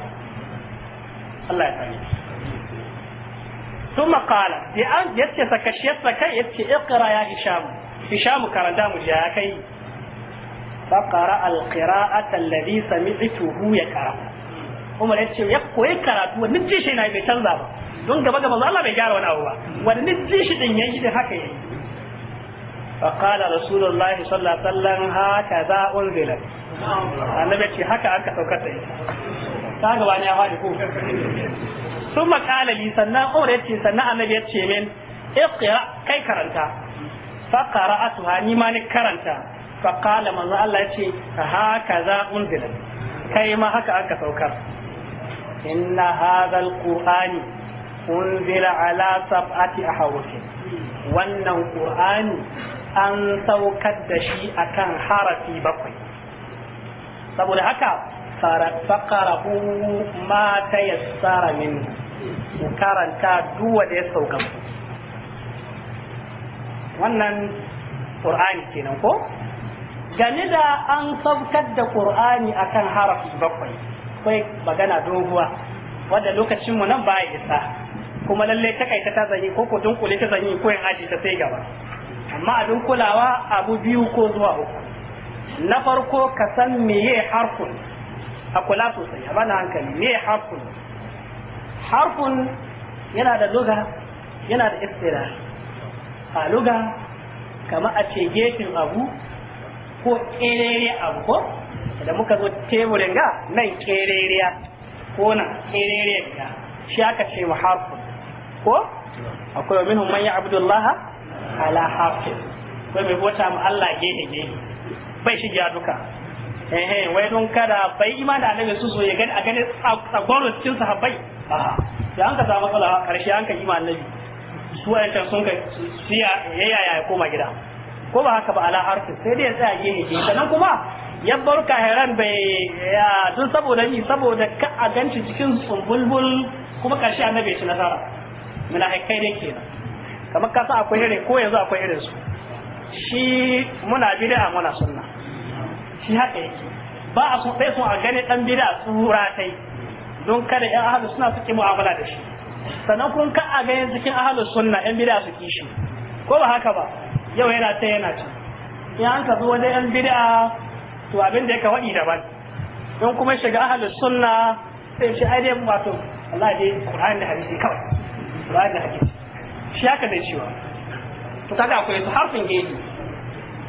Allah ya sani ثم قال بأن يتي سكشي سكي يتي اقرأ يا هشام هشام كرندا مجاكي فقرأ القراءة الذي سمعته يقرأ Umar ya ce ya koyi karatu wani jishi na bai canza ba don gaba gaba Allah bai gyara wani abu ba wani jishi din yayi din haka yayi فقال رسول الله صلى الله عليه وسلم هكذا أنزلت ce haka aka saukar da ita ta gaba ne ya faɗi ko sun makala li sannan umar ya ce sannan annabi ya ce min iqra kai karanta fa qara'atuha ni ma ni karanta fa qala manzo Allah ya ce haka hakaza unzila kai ma haka aka saukar إن هذا القرآن أنزل على سبعة أحرف وأن القرآن أن توكد شيء كان حرفي بقي سبب هكذا faƙarahu ma ta yassara min ku karanta duwa wannan ƙur'ani kenan ko game da an saukar da ƙur'ani akan harafi bakwai akwai magana doguwa wanda lokacin mu nan ba baya isa kuma lalle takaita ta zanyi ko ko dunkule ta zanyi ko in aji ta sai gaba amma abin kulawa abu biyu ko zuwa uku na farko ka san meye harfun a kula sosai a bana hankali meye harfun harfun yana da luga yana da istira a luga kama a ce gefen abu ko ƙerere abu ko da muka zo teburin ga nan kereriya ko nan kereriya ga shi aka ce wa harfun ko akwai wa minhum man ya'budu Allah ala harfin wai mai bota mu Allah gehe gehe bai shi ya duka eh eh wai don kada bai imani annabi su so ya gani a gani tsagwaro cikin sahabbai a Ya an ka samu kala karshe an ka imani annabi su wayancan sun ka siya ya ya koma gida ko ba haka ba ala harfin sai dai ya tsaya gehe gehe sannan kuma yabbar bar kahiran bai ya tun saboda ni saboda ka a ganci cikin tsumbulbul kuma karshe annabi ya ci nasara haikai ne kenan kamar ka sa akwai irin ko yanzu akwai irin su shi muna bid'a muna sunna shi haka yake ba a sun sai a gani dan bid'a tsura sai don kada ƴan ahlus sunna suke mu'amala da shi sannan kun ka a gani cikin ahlus sunna ƴan bid'a su kishi ko ba haka ba yau yana ta yana ci, in an ka zo wajen ƴan bid'a to abin da ya kawadi daban don kuma shiga ahlus sunna sai shi ai dai wato Allah dai Qur'ani da hadisi kawai Qur'ani da hadisi shi haka zai cewa to kaga akwai su harfin geji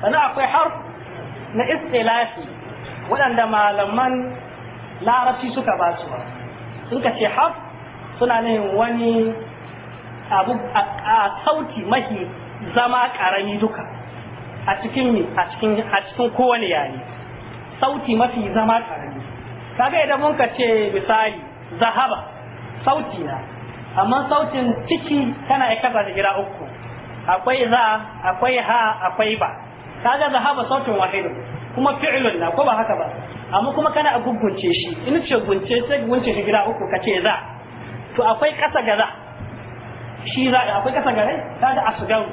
sannan akwai harf na istilahi waɗanda malaman larabci suka ba su ba sun ka ce harf suna nufin wani abu a sauti mahi zama ƙarami duka a cikin a cikin a cikin kowane yare sauti mafi zama tare kaga idan mun ka ce misali zahaba sauti na amma sautin ciki tana ya kasa gida uku akwai za akwai ha akwai ba kaga zahaba sautin wahidu kuma fi'lun na ko ba haka ba amma kuma kana a gugunce shi in ce gunce sai gunce shi gida uku kace za to akwai kasa ga za shi za akwai kasa ga rai kaga asgaru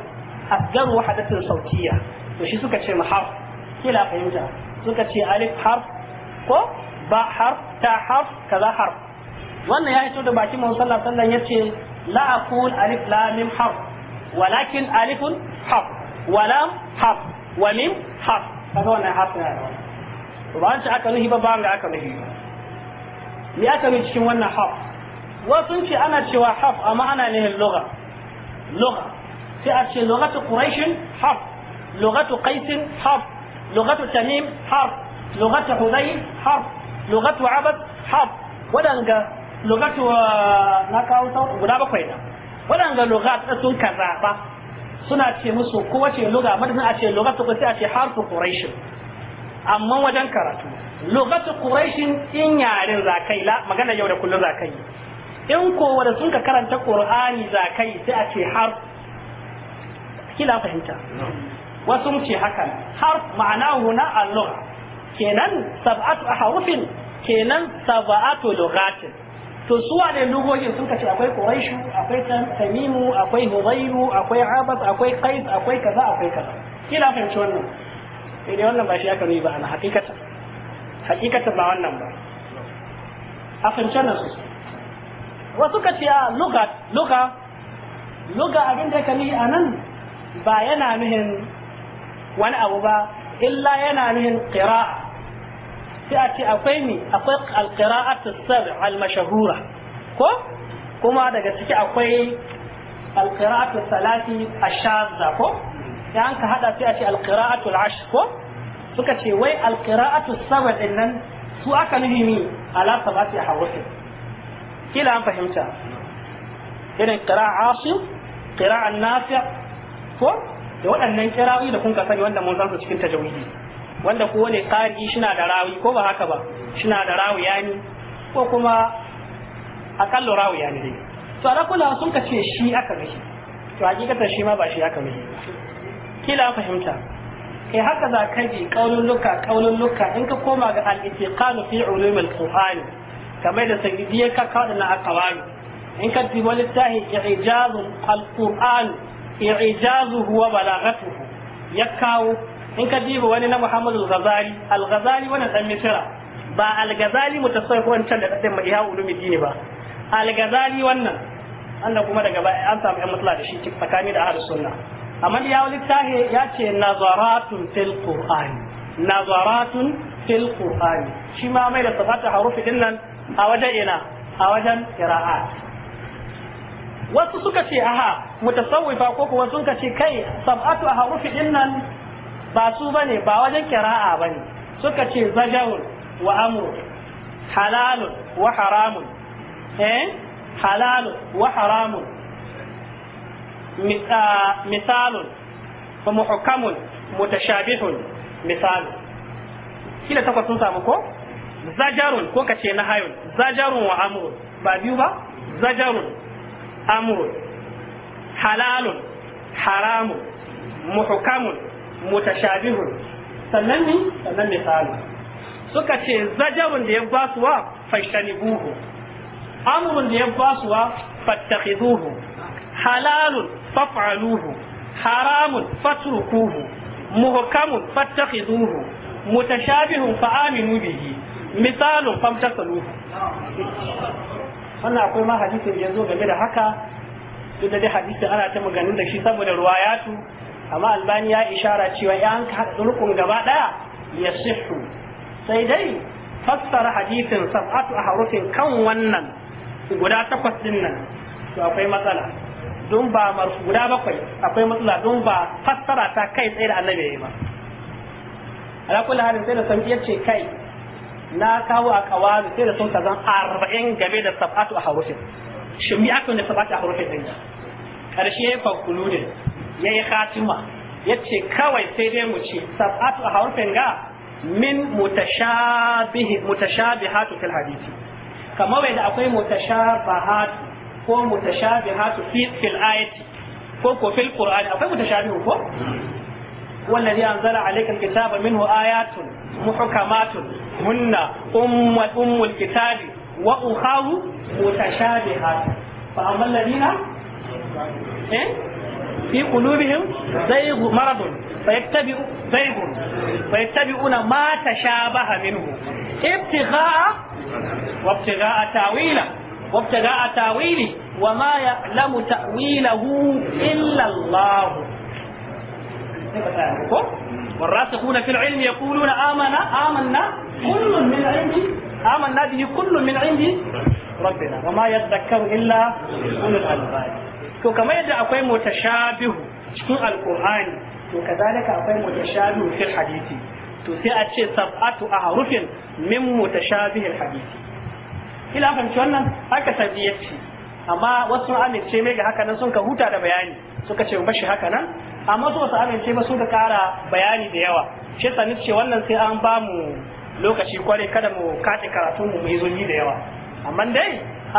asgaru wahadatin sautiya to shi suka ce mahaf kila fahimta suka ce alif harf ko ba harf ta harf kaza harf wannan ya hito da bakin mu sallallahu alaihi wasallam yace la aqul alif la mim harf walakin alifun harf wa lam harf wa mim harf kaga wannan harf ne to ba an ce aka nuhi ba ba an ga aka nuhi me aka nuhi cikin wannan harf wasu ce ana cewa harf amma ana nihin lugha lugha sai a ce lughatu quraish harf lughatu qais harf lughatu tamim harf lughatu hudayl harf lughatu abad harf wadanga lughatu uh, na guda bakwai da wadanga lughat sun suna ce musu kowace lugha madadin a ce lughatu ko sai a ce harfu quraish amma wajen karatu lughatu quraish in yaren zakai la magana yau da kullun zakai in ko wanda sun ka karanta qur'ani zakai sai a ce harf kila fahimta wasu ce hakan har ma'ana huna allura kenan sab'atu ahrufin kenan sab'atu lughatin to su wane lugogin sun kace akwai quraishu akwai tamimu akwai hudayru akwai abas akwai qais akwai kaza akwai kaza kila fahimci wannan sai dai wannan ba shi aka nuna ba ana hakikata hakikata ba wannan ba a fahimci wannan su wasu kace a luga luga luga abin da ka nihi a nan ba yana nuhin wani abu ba illa yana nuhin qira'a sai a ce akwai ni akwai alqira'atu sab' al-mashhura ko kuma daga ciki akwai alqira'atu salati ash-shadza ko dan ka hada sai a ce alqira'atu al-ashr ko suka ce wai alqira'atu sab' din nan su aka nuhi mi ala sabati hawasin kila an fahimta irin qira'a asim a nafi' ko da waɗannan kirawi da kun ka sani wanda mun san su cikin tajawidi wanda ko ne qari shina da rawi ko ba haka ba shina da rawi yani ko kuma akallu rawi yani dai to ala kula sun ka ce shi aka mishi to hakikatan shi ma ba shi aka mishi kila fahimta kai eh, haka za ka ji kaululluka kaululluka in ka koma ga al-itiqan fi ulum al-qur'an kamar da sayyidi ka kawo da aqwali in ka dibo littahi ijazul al-qur'an i'jazuhu wa balaghatuhu ya kawo in ka wani na Muhammad al-Ghazali al-Ghazali wani dan Misra ba al-Ghazali mutasawwif wancan da dadin mai hawo ulumuddini ba al-Ghazali wannan daga baya an samu yan matsala da shi tsakani da ahlus sunna amma ya littafi ya ce nazaratun fil qur'ani nazaratun fil kur'ani shi ma mai da sabata harufi dinnan a wajen a wajen qira'at wasu suka ce aha mutasawwifa ko kuma sun ce kai sab'atu ahrufi nan ba su bane ba wajen kira'a bane suka ce zajarun wa amru halalun wa haramun eh halalun wa haramun misalun wa muhkamun mutashabihun misalun kila takwas sun samu ko zajarun ko kace nahayun zajarun wa amru ba biyu ba zajarun amrun halalun haramun muhkamun mutashabihun sannan ne sannan misali suka ce zajarun da ya basuwa fashtanibuhu amrun da ya basuwa fattakhiduhu halalun faf'aluhu haramun fatrukuhu muhkamun fattakhiduhu mutashabihun fa'aminu bihi misalun famtasaluhu sannan akwai ma hadisin ya zo game da haka duk da dai hadisin ana ta maganin da shi saboda ruwayatu amma albani ya ishara cewa ya an haɗa turkun gaba ɗaya ya sihu sai dai fassara hadisin sab'atu a harufin kan wannan guda takwas din nan to akwai matsala don ba marfu guda bakwai akwai matsala don ba fassara ta kai tsaye da annabi ya yi ba ala kulli halin sai da sami ce kai na kawo a kawari sai da sun ka zan arba'in game da sab'atu a harufin shi mi aka da sab'atu a harufin din da karshe ya fankulu ya yi khatima ya ce kawai sai dai mu ce sab'atu a harufin ga min mutashabihi mutashabihatu fil hadisi kamar da akwai mutashabahatu ko mutashabihatu fi fil ayati ko ko fil qur'ani akwai mutashabihu ko والذي أنزل عليك الكتاب منه آيات محكمات هن أم أم الكتاب وأخاه متشابهات فأما الذين إيه؟ في قلوبهم زيغ مرض فيتبع زيغ فيتبعون ما تشابه منه ابتغاء وابتغاء تاويلا وابتغاء تاويله وما يعلم تأويله إلا الله والراسخون في العلم يقولون آمنا آمنا كل من عندي آمنا به كل من عندي ربنا وما يذكر إلا أولو الألباب to kamar yadda akwai mutashabihu cikin alqur'ani to kazalika akwai mutashabihu fil hadisi to sai a ce sab'atu ahrufin min mutashabihil hadisi ila kan fahimci wannan haka sabiyyaci amma wasu amince mai ga haka nan sun ka huta da bayani suka ce bashi haka nan amma wasu wasu amince ba su da kara bayani da yawa shi sani ce wannan sai an ba mu lokaci kwarai kada mu kace karatu mu yi zurfi da yawa amma dai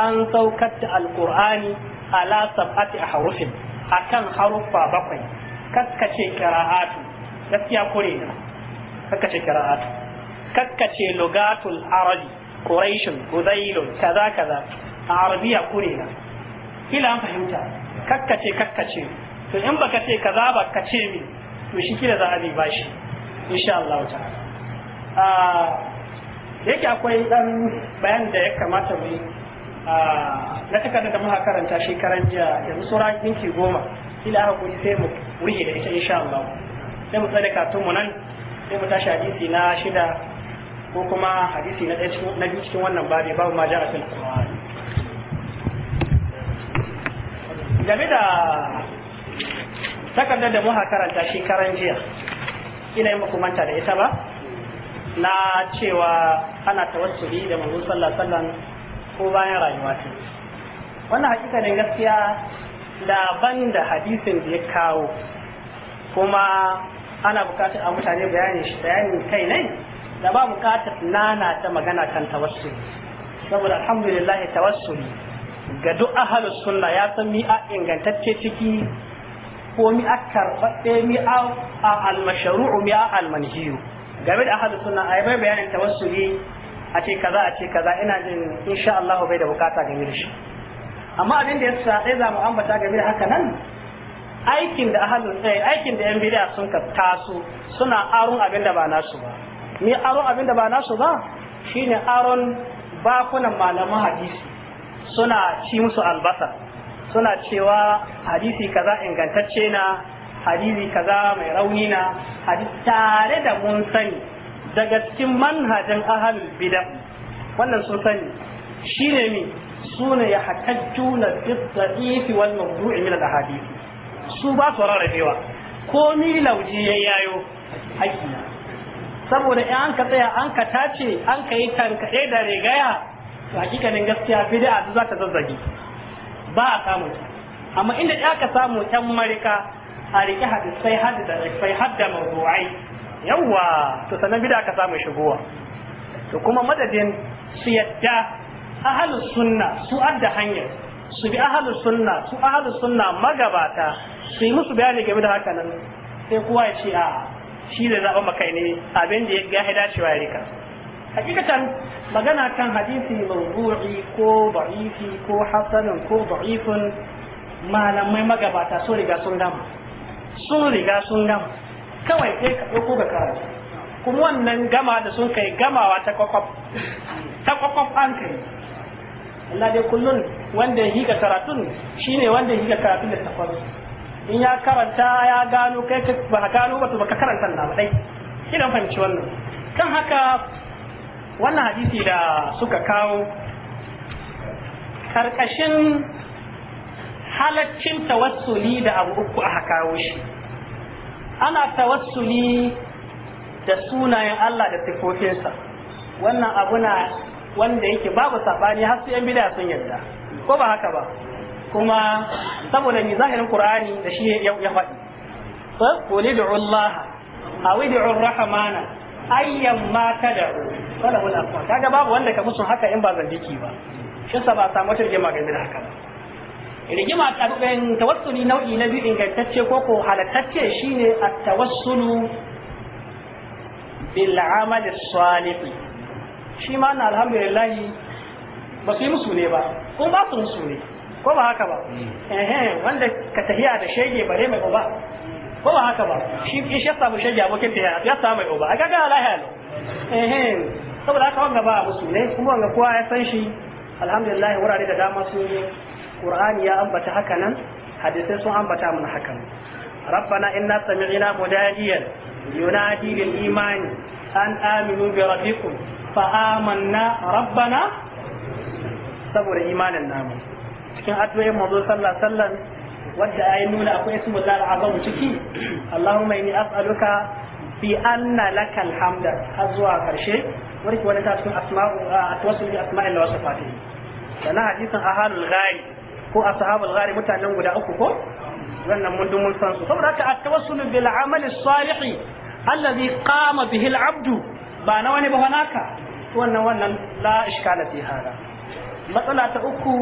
an saukar da alqur'ani ala sab'ati ahrufin akan harufa bakwai kaskace qira'atu gaskiya kore ne kaskace qira'atu kaskace lugatul arabi quraishun hudailun kaza kaza arabiya kore ne kila an fahimta kaskace kaskace to in baka ce kaza ba ka ce mi to shi kila za a bi bashi insha Allah ta'ala Ah, yake akwai dan bayan da ya kamata mu ah, na takarda da muka karanta shekaran jiya yanzu sura minti goma ila aka kuri sai mu wurge da ita insha Allah sai mu tsare mu nan sai mu tashi hadisi na shida ko kuma hadisi na ɗaya na biyu cikin wannan babu babu ma ja'a fil game da takardar da muka karanta shekaran jiya ina yi muku manta da ita ba na cewa ana tawassuli da manzo sallallahu alaihi wasallam ko bayan rayuwa ce wannan hakikanin gaskiya daban da hadisin da ya kawo kuma ana bukatar a mutane bayani shi bayanin kai nai da ba bukatar nana ta magana kan tawassuli saboda alhamdulillah tawassuli ga duk ahalus sunna ya san mi a ingantacce ciki ko mi a karɓaɓɓe mi a almasharu'u mi a almanhiyu game da ahadu sunna ai bai bayanin tawassuli a ce kaza a ce kaza ina jin insha Allah bai da bukata game da shi amma abin da yasa sai za mu ambata game da haka nan aikin da ahadu sai eh, aikin da yan bid'a sun ka taso suna aron abin da ba nasu ba ni aron abin da ba nasu ba shine aron bakunan malaman hadisi suna ci musu albasa suna cewa hadisi kaza ingantacce na hadisi kaza mai rauni na tare da mun sani daga cikin manhajin ahalul bid'a wannan sun sani shine mi sune ya hakajjuna na dhaif wal mawdu' min al hadisi su ba su rarrabewa ko ni lauji ya yayo hakina saboda in an ka tsaya an ka tace an ka yi tankaɗe da rigaya to hakikanin gaskiya bid'a za ka zazzage ba a samu amma inda ka samu yan marika a rike hadisai hadda da rikfai hadda mawdu'ai yawwa to sanan bida ka samu shigowa to kuma madadin su yadda ahlus sunna su adda hanyar su bi ahlus sunna su ahlus sunna magabata su yi musu bayani game da haka nan sai kowa ya ce a shi da zaɓa maka ne abin da ya haida cewa ya rika hakikatan magana kan hadisi mawdu'i ko ba'ifi, ko hasanin ko da'ifun malamai magabata so riga sun gama. sun riga sun gama kawai sai ka ɗauko ka kare, kuma wannan gama da sun kai gamawa ta kwakwaf ta kwakwaf an kai Allah dai kullun wanda yi ga karatun shine wanda yi ga karatun da tafaru in ya karanta ya gano kai ka ba gano ba to baka karanta na ba dai kidan fahimci wannan kan haka wannan hadisi da suka kawo karkashin halaccin tawassuli da abu uku aka kawo shi ana tawassuli da sunayen Allah da sifofinsa wannan abu na wanda yake babu sabani har sai yan bid'a sun yarda ko ba haka ba kuma saboda ni zahirin Qur'ani da shi ya faɗi fa qul ud'u Allah aw ud'u ar-rahmana ayyam ma tad'u falahu wala kaga babu wanda ka musu haka in ba zan zandiki ba shi sa ba samu tarjuma game da haka ba rigima karɓin tawassuli nau'i na biyu ingantacce ko ko halattacce ne a tawassulu bil amali shi ma na alhamdulillah ba su yi musu ne ba ko ba su musu ne ko ba haka ba eh wanda ka tahiya da shege bare mai uba ko ba haka ba shi shi ya samu shege abokin tahiya ya samu mai uba a ga lahiya eh saboda haka wanga ba a musu ne kuma wanga kowa ya san shi alhamdulillah wurare da dama sun yi Qur'ani ya ambata haka nan hadisai sun ambata mun haka nan ربنا إنا سمعنا imani an aminu أن آمنوا بربكم فآمنا ربنا saboda imanin namu cikin addu'o'in manzo sallallahu alaihi wasallam wadda ayi nuna akwai ismul lahi azamu ciki Allahumma inni as'aluka bi anna lakal hamda har zuwa karshe Warki wani ta cikin asma'u atwasul bi asma'il wa sifatihi sana hadisin ahalul ghaib ko ashabul ghari mutanen guda uku ko wannan mun mun san su saboda haka at-tawassul bil amali salih alladhi qama bihi al-abd ba na wani ba wanaka wannan wannan la iskala fi hada matsala ta uku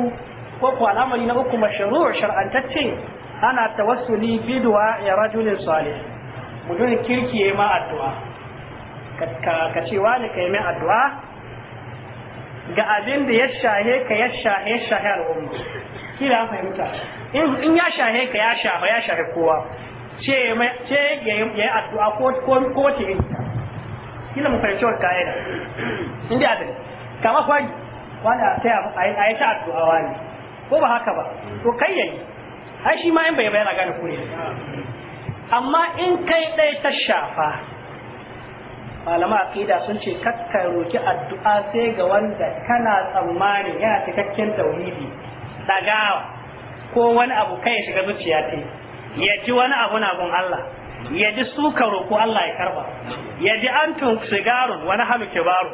ko ko al'amari na uku mashru' shar'antacce ana tawassuli bi du'a ya rajulin salih mutumin kirki ma addu'a ka ce wani ka yi mai addu'a ga abin da ya shahe ka ya shahe shahe al'umma kila an fahimta in ya shahe ka ya shafa ya shahe kowa ce ya yi addu'a ko wace yin ta kila mu fahimci wani kayan inda ya zai kama kwani wani a yi ta addu'a wani ko ba haka ba to kai yayi ai shi ma in bai bayyana gane kure amma in kai ɗaya ta shafa malama ƙida sun ce kakka roki addu'a sai ga wanda kana tsammani yana cikakken tauhidi daga ko wani abu kai ya shiga zuciya ta ya ji wani abu na gun Allah ya ji suka roƙo Allah ya karba ya ji an tun sigarun wani hannu baro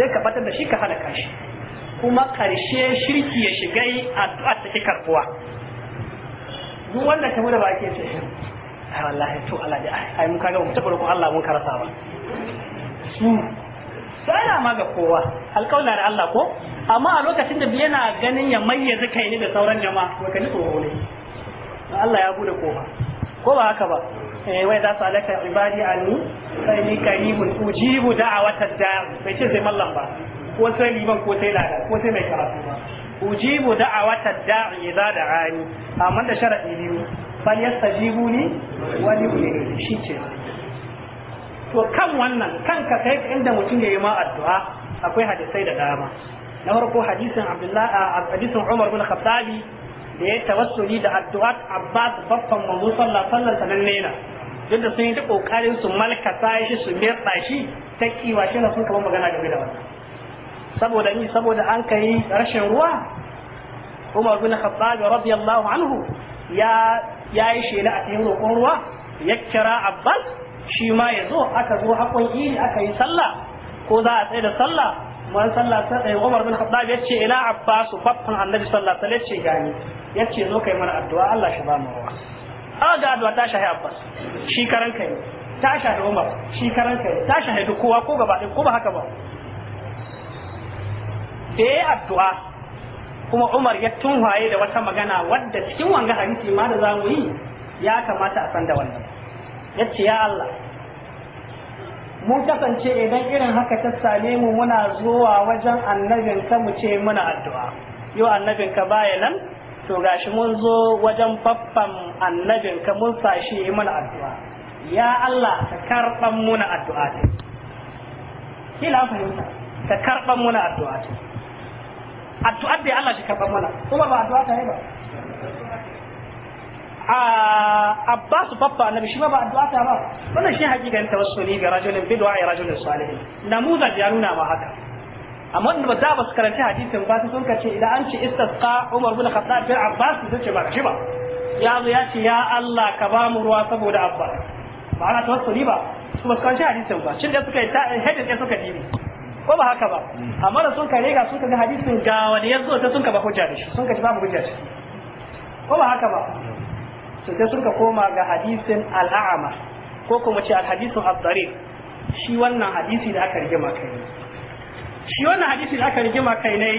sai ka batar da shi ka halaka shi kuma karshe shirki ya shiga addu'a ta ki karbuwa duk wanda ta da baki ya ce ai wallahi to Allah da ai mun kaga mu tabbata ko Allah mun karasa ba su sai na ma ga kowa da Allah ko amma a lokacin da yana ganin ya mayyaza zaka yi da sauran jama'a to ka ji tsoro ne Allah ya bude kofa ko ba haka ba eh wai da salaka ibadi anni sai ni karibun ujibu da'awata da'i bai ce sai mallam ba ko sai liban ko sai lada ko sai mai karatu ba ujibu da'awata da'i idza da'ani amma da sharadi biyu fal ni wa yu'minu shi ce to kan wannan kanka kai inda mutum ya yi ma addu'a akwai hadisai da dama na farko hadisin abdullahi ah, hadisin umar bin khattabi da ya tawassuli da addu'at abbas babban manzo sallallahu alaihi wasallam nena duk da sun yi ta kokarin su malkata shi su mirta shi ta kiwa shi na sun kama magana game da wannan saboda ni saboda an kai rashin ruwa umar bin khattabi radiyallahu anhu ya ya yi shela a cikin roƙon ruwa ya kira abbas shi ma ya zo aka zo hakon iri aka yi sallah ko za a tsaye da sallah Mun sallah ta ɗaya eh, Umar bin Khattab ya ce ila Abbas babban Annabi sallallahu alaihi wasallam ya ce gani yace ce zo kai mana addu'a Allah shi ba mu ruwa a ga addu'a ta shahi Abbas shi karan kai ta shahi Umar shi karan kai ta shahi duk kowa ko gaba ko ba haka ba da yayi addu'a kuma Umar ya tunwaye da wata magana wadda cikin wanga hadisi ma da zamu yi ya kamata a san da wannan yace ya Allah mun kasance idan irin haka ta same mu muna zuwa wajen annabin ka mu ce muna addu'a yau annabin ka baya nan to gashi mun zo wajen babban annabin ka mun sashi yi muna addu'a ya Allah ka karban muna addu'a ta kila fahimta ka karban muna addu'a ta addu'a da Allah shi karban muna kuma ba addu'a ta ne ba Abbasu babba annabi shi ma ba addu'a ta ba wannan shi hakikan tawassuli ga rajulin bid'a ya rajulin salih namuzaj ya nuna ma haka amma wanda ba za ba su karanta hadisin ba sun kace idan an ci istisqa Umar bin Khattab bin Abbas zai ce ba shi ba ya zo ya ce ya Allah ka ba mu ruwa saboda Abbas ba ana tawassuli ba su ba su karanta hadisin ba shin da suka yi hadin da suka dibi ko ba haka ba amma da sun kare ga sun kaga hadisin ga wani yanzu ta sun ka ba hujja da shi sun ka ci mu hujja ciki ko ba haka ba to sai suka koma ga hadisin al'ama ko kuma ce al-hadisu shi wannan hadisi da aka rigima kai ne shi wannan hadisi da aka rigima kai ne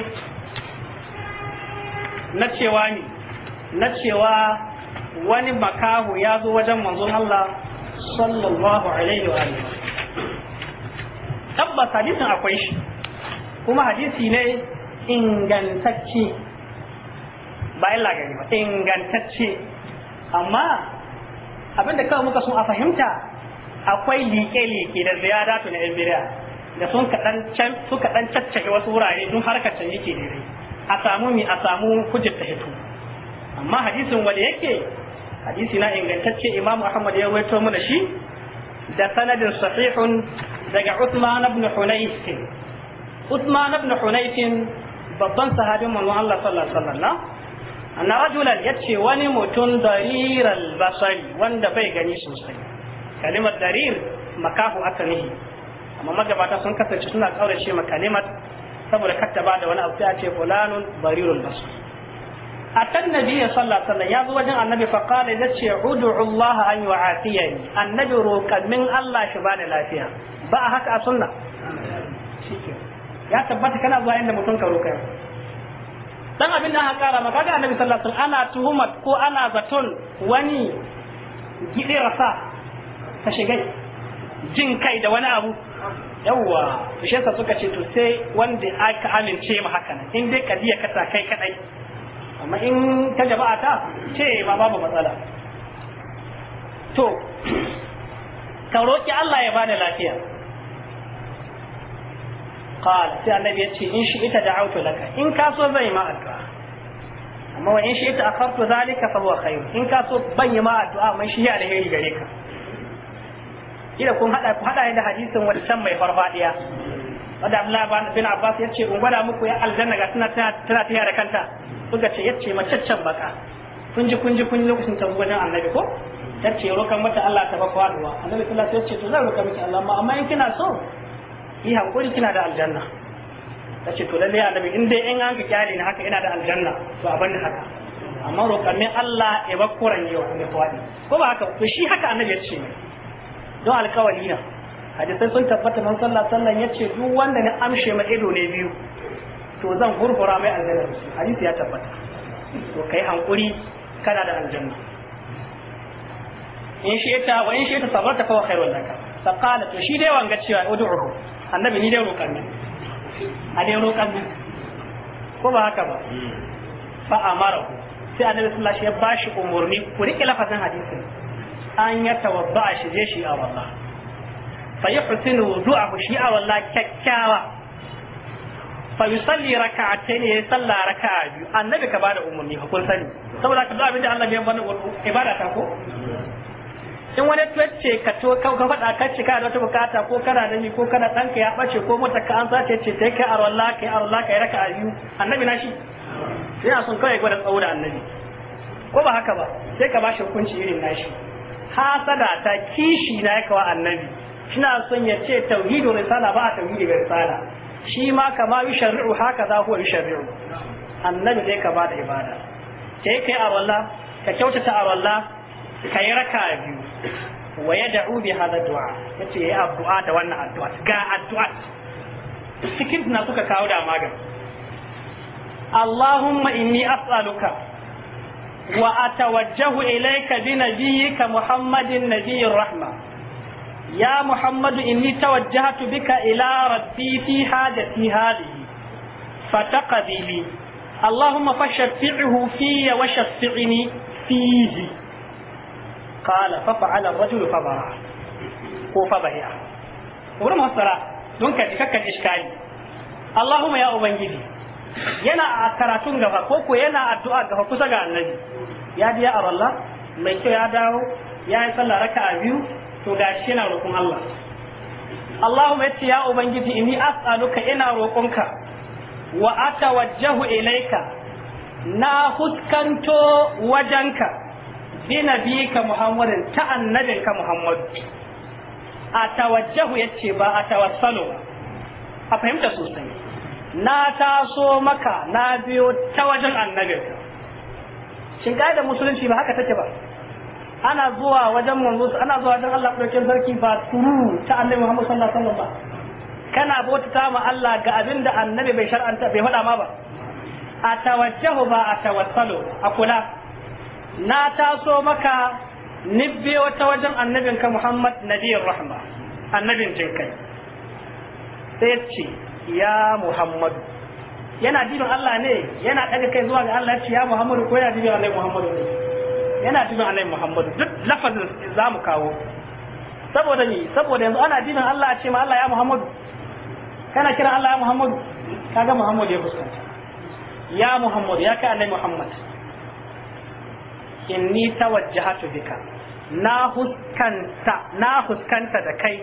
na cewa ne na cewa wani makahu ya zo wajen manzon Allah sallallahu alaihi wa alihi tabbas hadisin akwai shi kuma hadisi ne ingantacce ba illa gari ba ingantacce amma abinda kawai muka sun a fahimta akwai liƙe-liƙe da ziyara na yan biriya da sun kaɗan can ɗan caccake wasu wurare don harkar canji ke daidai a samu mi a samu kujin ta hito amma hadisin wanda yake hadisi na ingantacce imam ahmad ya waito mana shi da sanadin sahihun daga Usman ibn Hunayf Usman ibn Hunayf babban sahabin manzon Allah sallallahu alaihi wasallam anna rajulan yace wani mutum dariral basari wanda bai gani sosai kalimar darir makahu aka nihi amma magabata sun kasance suna kaurace ma kalimar saboda katta ba da wani abu sai a ce fulanun darirul basari atan nabi sallallahu alaihi wasallam ya zo wajen annabi fa qala yace ud'u Allah an yu'afiyani annabi roƙan min Allah shi bani lafiya ba a haka a sunna ya tabbata kana zuwa inda mutum ka roƙa dan abin da aka kara maka ga annabi sallallahu alaihi wasallam ana tuhumar ko ana zaton wani rasa ta shiga jin kai da wani abu yawwa shi yasa suka ce to sai wanda aka amince ma haka nan in dai kadiya ka ta kai kadai amma in ta jama'a ta ce ma babu matsala to ka roki Allah ya bani lafiya qala sai annabi yace in shi ita da'awtu laka in ka zai ma addu'a amma in shi ita akhartu zalika fa huwa khair in ka ban yi ma addu'a shi ya alheri gare kun da wancan mai farfadiya wanda Abdullahi bin Abbas yace in gwada muku ya aljanna ga tana tana tiya da kanta kuka ce yace macaccen baka kun ji kun ji kun lokacin tambayar annabi ko tace rokan mata Allah ta ba faduwa annabi sallallahu alaihi wasallam yace to zan roka miki Allah amma in kina so yi hankuri kina da aljanna ta ce to lalle annabi in dai in an ka kyale ni haka ina da aljanna to a bani haka amma roƙamin Allah ya bar kuran yau ne kwaɗi. ko ba haka to shi haka annabi ya ce mai don alƙawari na hadisai sun tabbata man sallah sallan ya ce duk wanda na amshe ma ido ne biyu to zan hurhura mai aljanna hadisi ya tabbata to kai hankuri kana da aljanna in shi ta wa in shi ta sabarta fa khairul laka to shi dai wanga cewa annabi ni dai roƙar nan a dai roƙar nan ko ba haka ba hmm. fa amara sai annabi sallallahu alaihi wasallam ya bashi umurni ku rike lafazin hadisin an ya tawabba shi je shi a wallah fa yuhsinu wudu'ahu shi a wallah kyakkyawa fa yusalli raka'atayn ya salla raka'a biyu annabi ka bada umurni ka kun sani saboda ka duk abin da Allah ya bani ibada ta ko in wani tuwace ka to ka faɗa ka ce kana da wata bukata ko kana da ni ko kana ka ya ɓace ko mota ka an sace ce sai kai arwalla kai arwalla kai raka a biyu annabi na shi sai sun kawai gwada tsawo da annabi ko ba haka ba sai ka bashi hukunci irin nashi hasada ta kishi na ya kawa annabi shina son ya ce tauhidu risala ba a Tauhidu ga risala shi ma kama yusharri'u haka za huwa yusharri'u annabi zai ka ba da ibada sai kai arwalla ka kyautata ka kai raka biyu wa yad'u bi hadha du'a yace yayi addu'a da wannan addu'a ga addu'a cikin na suka kawo da magan Allahumma inni as'aluka wa atawajjahu ilayka bi nabiyyika Muhammadin nabiyyir rahma ya Muhammad inni tawajjahtu bika ila rabbi fi hajati hadhihi fataqdi li اللهم فشفعه wa وشفعني فيه qala fa fa'ala ar-rajulu fa bara ko fa bari'a wurin masara don ka kakka iskali Allahumma ya ubangiji yana karatun gaba ko ko yana addu'a gaba kusa ga annabi ya biya aralla mai kyau ya dawo ya yi sallah raka'a biyu to gashi yana roƙon Allah Allahumma yace ya ubangiji as'aluka ina roƙonka wa atawajjahu ilaika na huskanto wajenka Bi ka muhammadin ta annabin muhammadu. بنبيك محمد تأنبك ba a يتبع a أفهمت sosai. na taso maka na biyo ta wajen annabinka shin da musulunci ba haka take ba ana zuwa wajen manzo ana zuwa wajen Allah ɗaukin sarki ba turu ta annabi Muhammad sallallahu alaihi wasallam kana bauta ma Allah ga abin da annabi bai shar'anta bai faɗa ma ba a tawajjahu ba a tawassalu a kula na taso maka nibbe wata wajen annabinka Muhammad nabiyar rahma annabin jinkai sai ce ya Muhammadu yana dibin Allah ne yana daga kai zuwa ga Allah ce ya Muhammadu ko yana dibin Allah Muhammadu ne yana dibin Allah Muhammadu duk lafazin za mu kawo saboda ni saboda yanzu ana dibin Allah a ce ma Allah ya Muhammadu kana kiran Allah ya Muhammadu kaga Muhammadu ya fuskanta ya Muhammadu ya kai Annabi Muhammad inni ta bika na huskanta na huskanta da kai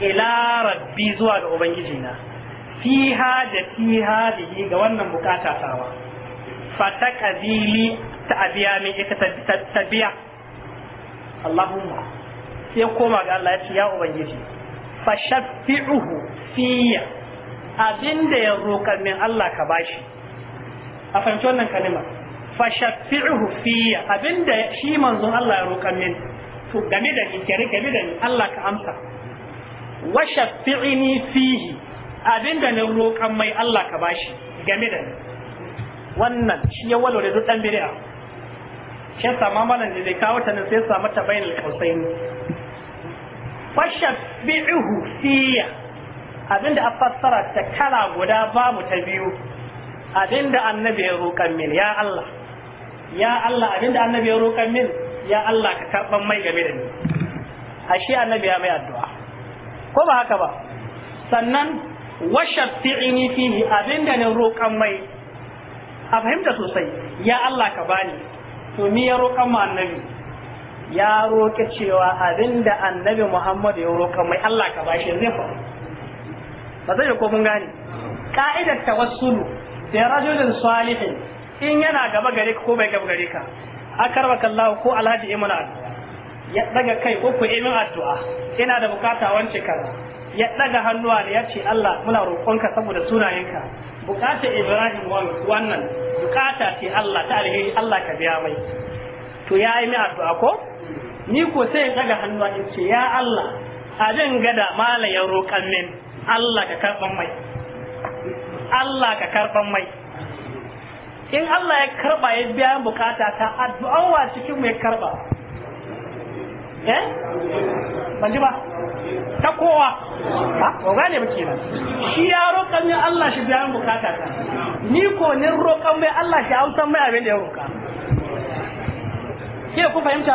ila rabbi zuwa ga ubangiji na fiha da fiha hadihi ga wannan bukata tawa fa ta abiya min ita tabiya Allahumma sai koma ga Allah ya ce ya ubangiji fa shafi'uhu fiya abinda ya roƙa min Allah ka bashi a fahimci wannan kalimar fashaffi'uhu fiyya abinda shi manzon Allah ya roƙan min to game da ni kere game da ni Allah ka amsa wa shaffi'ni fihi abinda na roƙan mai Allah ka bashi game da ni wannan shi ya walwale duk dan bid'a shi sama malan da zai kawo ta nan sai sa mata bainal Fa fashaffi'uhu fiyya abinda a fassara ta kala guda babu ta biyu abinda annabi ya roƙan min ya Allah ya Allah abinda annabi ya roƙa min ya Allah ka karɓan mai game da ni ashe annabi ya mai addu'a ko ba haka ba sannan washatti'ini fihi abinda ne roƙan mai a fahimta sosai ya Allah ka bani to ni ya roƙan mu annabi ya roƙi cewa abinda annabi Muhammadu ya roƙan mai Allah ka bashi zai faru ba zai ko mun gane ka'idar tawassulu da rajulin salihin in yana gaba gare ka ko bai gaba gare ka akarwaka Allah ko Alhaji Imran ya daga kai ko ku imin addu'a ina da bukata wance kaza ya daga hannuwa da ya ce Allah muna roƙonka saboda sunayenka bukata Ibrahim wannan bukata ce Allah ta alheri Allah ka biya mai to ya yi mi addu'a ko ni ko sai in daga hannuwa in ce ya Allah abin gada malayan roƙan min Allah ka karban mai Allah ka karban mai in Allah ya karba ya biya bukata ta addu'an wa cikin mu ya karba eh ban ji ba ta kowa ba ko gane ba nan. shi ya roƙa min Allah shi biya bukata ta ni ko ne roƙan mai Allah shi amsa mai abin da ya roƙa ke ku fahimta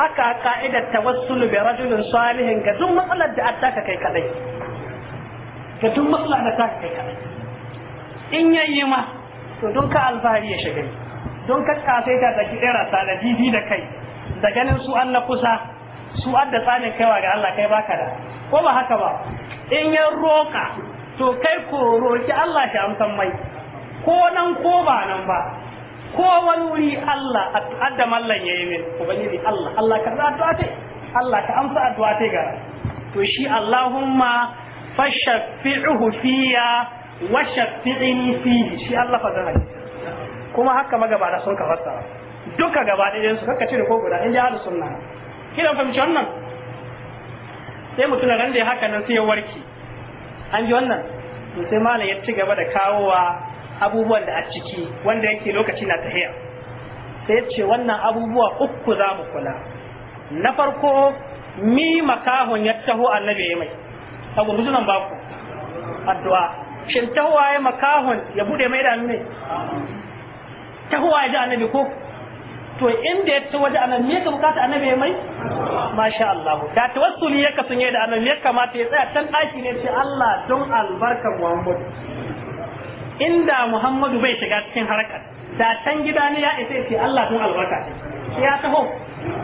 haka ka'idar tawassul bi rajulin salihin ga duk matsalar da attaka kai kadai ga duk matsalar da ta kai kadai in yayi ma to don ka alfahari ya shagari don ka kasaita ta ki ɗera sa da da kai da ganin su an na kusa su an da tsamin kaiwa ga Allah kai baka da ko ba haka ba in ya roƙa to kai ko roƙi Allah shi amsan mai ko nan ko ba nan ba ko wani wuri Allah adda mallan yayi min ubangiji Allah Allah ka addu'a Allah ka amsa addu'a ta ga to shi Allahumma fashaffi'uhu fiya wa fihi shi Allah fa zan kuma haka magabata sun ka fassara duka gaba ɗayan su kaka cire ko guda inda hadu sunna kina fahimci wannan sai mutum ran da haka nan sai ya warki an ji wannan sai malam ya ci gaba da kawowa abubuwan da a ciki wanda yake lokaci na tahiya sai ce wannan abubuwa uku za mu kula na farko mi makahon ya taho annabi ya mai saboda mutunan baku addu'a shin tahuwa ya makahon ya bude mai idanu ne tahuwa ya ji annabi ko to inda ya ta waje annabi ya bukata annabi ya mai masha Allah da tawassuli ya yi da annabi ya kamata ya tsaya can daki ne sai Allah don albarkar Muhammad inda Muhammadu bai shiga cikin harkar da can gida ne ya isa ce Allah don albarka ya taho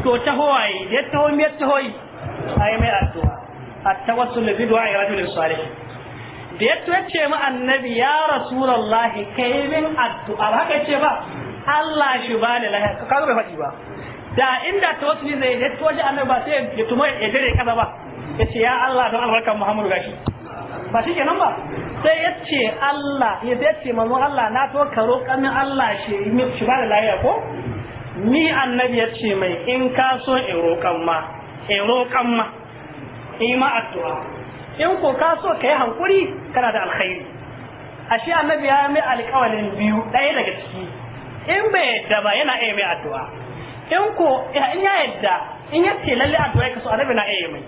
to taho waye ya taho mai taho yi ayi mai addu'a at-tawassul bi du'a rajulin salih da ya tuwace ma annabi ya rasulallah kai min addu'a ba haka ce ba Allah shi ba ne lahiya ka bai faɗi ba da inda ne zai ya tuwace annabi ba sai ya tuma ya jere ƙasa ba ya ce ya Allah don albarkar Muhammadu gashi ba shi kenan ba sai ya ce Allah ya ce manzo Allah na to karo kamin Allah shi shi ba da lahiya ko ni annabi ya ce mai in ka so in roƙan ma in roƙan ma in ma addu'a in ko ka so ka yi hankuri kana da alkhairi ashe annabi ya mai alƙawarin biyu ɗaya daga ciki in bai yadda ba yana iya mai addu'a in ko in ya yadda in ya ce lalle addu'a ka so annabi na iya mai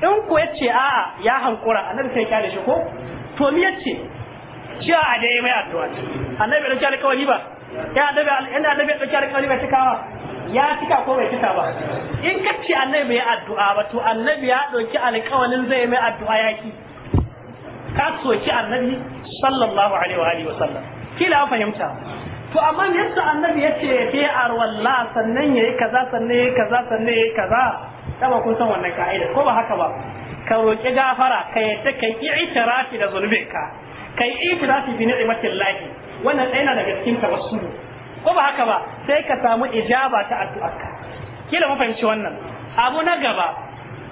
in ko ya ce a'a ya hankura annabi sai ya shi ko to mi ya ce cewa a da ya mai addu'a annabi ya ɗauki ba ya annabi ya ɗauki alƙawali ba cikawa ya cika ko bai cika ba in ka ce annabi ya addu'a ba to annabi ya ɗauki alƙawalin zai mai addu'a yaki ka soki annabi sallallahu alaihi wa alihi wa sallam kila fahimta to amma me yasa annabi yace ya arwalla sannan yayi kaza sannan yayi kaza sannan yayi kaza ba kun san wannan ka'ida ko ba haka ba ka roki gafara ka yadda kai i'tirafi da zulubinka kai i'tirafi bi ni'matillahi wannan ɗaya na daga cikin tawassul ko ba haka ba sai ka samu ijaba ta addu'arka kila mun fahimci wannan abu na gaba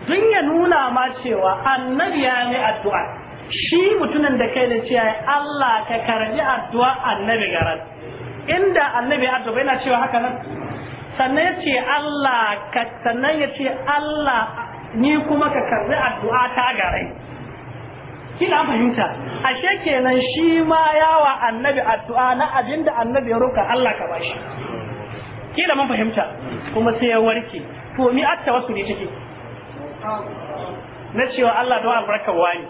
dun ya nuna ma cewa annabi ya ne addu'a shi mutumin da kai da ya Allah ka karbi addu'a annabi garan inda annabi addu'a yana cewa haka nan sannan yace Allah ka sannan yace Allah ni kuma ka karbi addu'a ta garai kina fahimta ashe kenan shi ma yawa annabi addu'a na abinda annabi ya roka Allah ka bashi kina mun fahimta kuma sai ya warke to mi atta wasu ne take na cewa Allah da albarka wani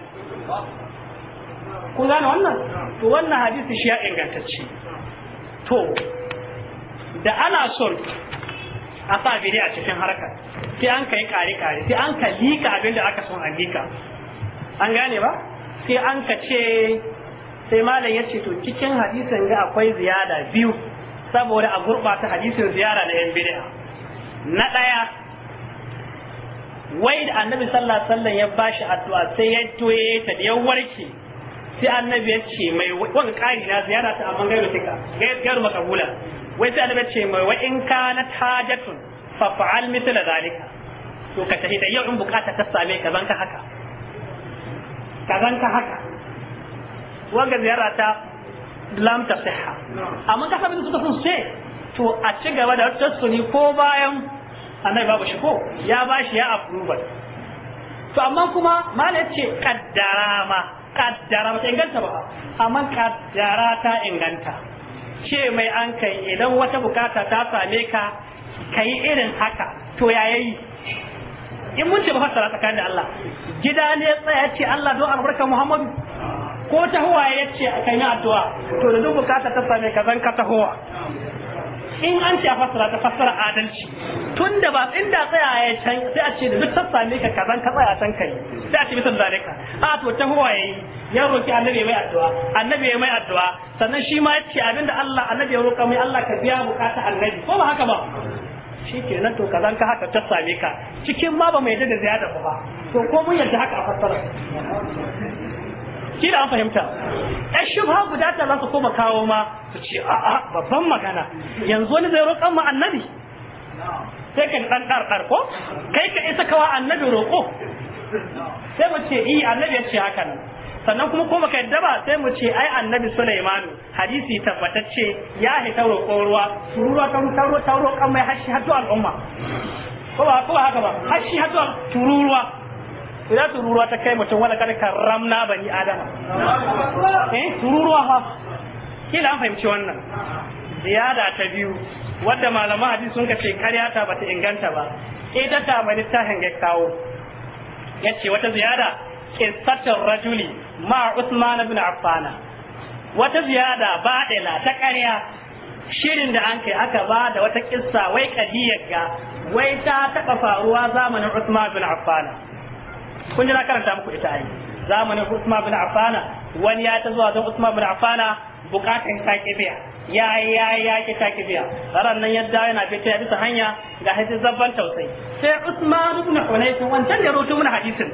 kun gane wannan to wannan hadisi shi ya ingantacce to da ana son a sa bidi a cikin harkar sai an kai kare kare sai an ka abinda aka son a lika an gane ba sai an ka ce sai malam ya ce to cikin hadisin ga akwai ziyada biyu saboda a gurɓata hadisin ziyara na yan bid'a na ɗaya wai da annabi sallallahu alaihi wasallam ya bashi addu'a sai ya toye ta da warke sai annabi ya ce mai wani ƙari na ziyara ta amma gairu tika gairu makabula wai sai annabi ya ce mai wa in kana hajatun fa fa'al mithla zalika to ka tafi da yau in bukata ta same ka zanka haka kazan ka haka wanga ziyara ta lam ta sihha amma ka sabin suka sun ce to a ci gaba da tasuni ko bayan annabi babu shi ko ya bashi ya approval to amma kuma mala ce kaddara ma kaddara ba ta inganta ba amma kaddara ta inganta ce mai an kai idan wata bukata ta same ka kai irin haka to yayayi in mun ce ba fassara tsakanin da Allah gida ne ya tsaya ce Allah don albarka Muhammadu ko tahowa ya ce a kan yi addu'a to da duk bukata ta same ka zan ka tahowa in an ce a fassara ta fassara adalci tun da ba inda tsaya ya can sai a ce da duk ta same ka kazan ka tsaya can kai sai a ce bisan zalika a to tahowa yayi ya roki annabi mai addu'a annabi mai addu'a sannan shi ma ya ce abinda Allah annabi ya roka mai Allah ka biya bukata annabi ko ba haka ba nan to kazan ka haka ta same ka cikin ma ba mai da ziyada ba to ko mun yarda haka a fassara kila an fahimta a shubha guda ta za su koma kawo ma su ce a'a babban magana yanzu wani zai roƙan ma annabi sai ka dan dar dar ko kai ka isa kawa annabi roƙo sai mu ce yi annabi ya ce haka nan sannan kuma ko baka yadda ba sai mu ce ai annabi Sulaimanu hadisi tabbatacce ya hita roƙon ruwa tururuwa ta ruwa ta roƙon mai hashi hatu al'umma ko ba ko haka ba hashi hatu tururuwa idan tururuwa ta kai mutum wala kada karramna bani adam eh tururuwa ha kila an fahimci wannan ziyada ta biyu wadda malaman hadisi sun ce karya ta bata inganta ba ke ta mai littafin ya kawo yace wata ziyada qissatar rajuli ma Usman ibn Affan wata ziyada badila ta ƙarya shirin da an kai aka ba da wata kissa wai kadiyar ga wai ta taɓa faruwa zamanin Usman ibn Affan kun ji karanta muku ita ai zamanin Usman ibn Affan wani ya ta zuwa don Usman ibn Affan bukatun takibiya ya ya ya ki takibiya ran nan yadda yana fita ya bisa hanya ga hadisi zabban tausayi sai Usman ibn Hunayf wancan ya rutu mana hadisin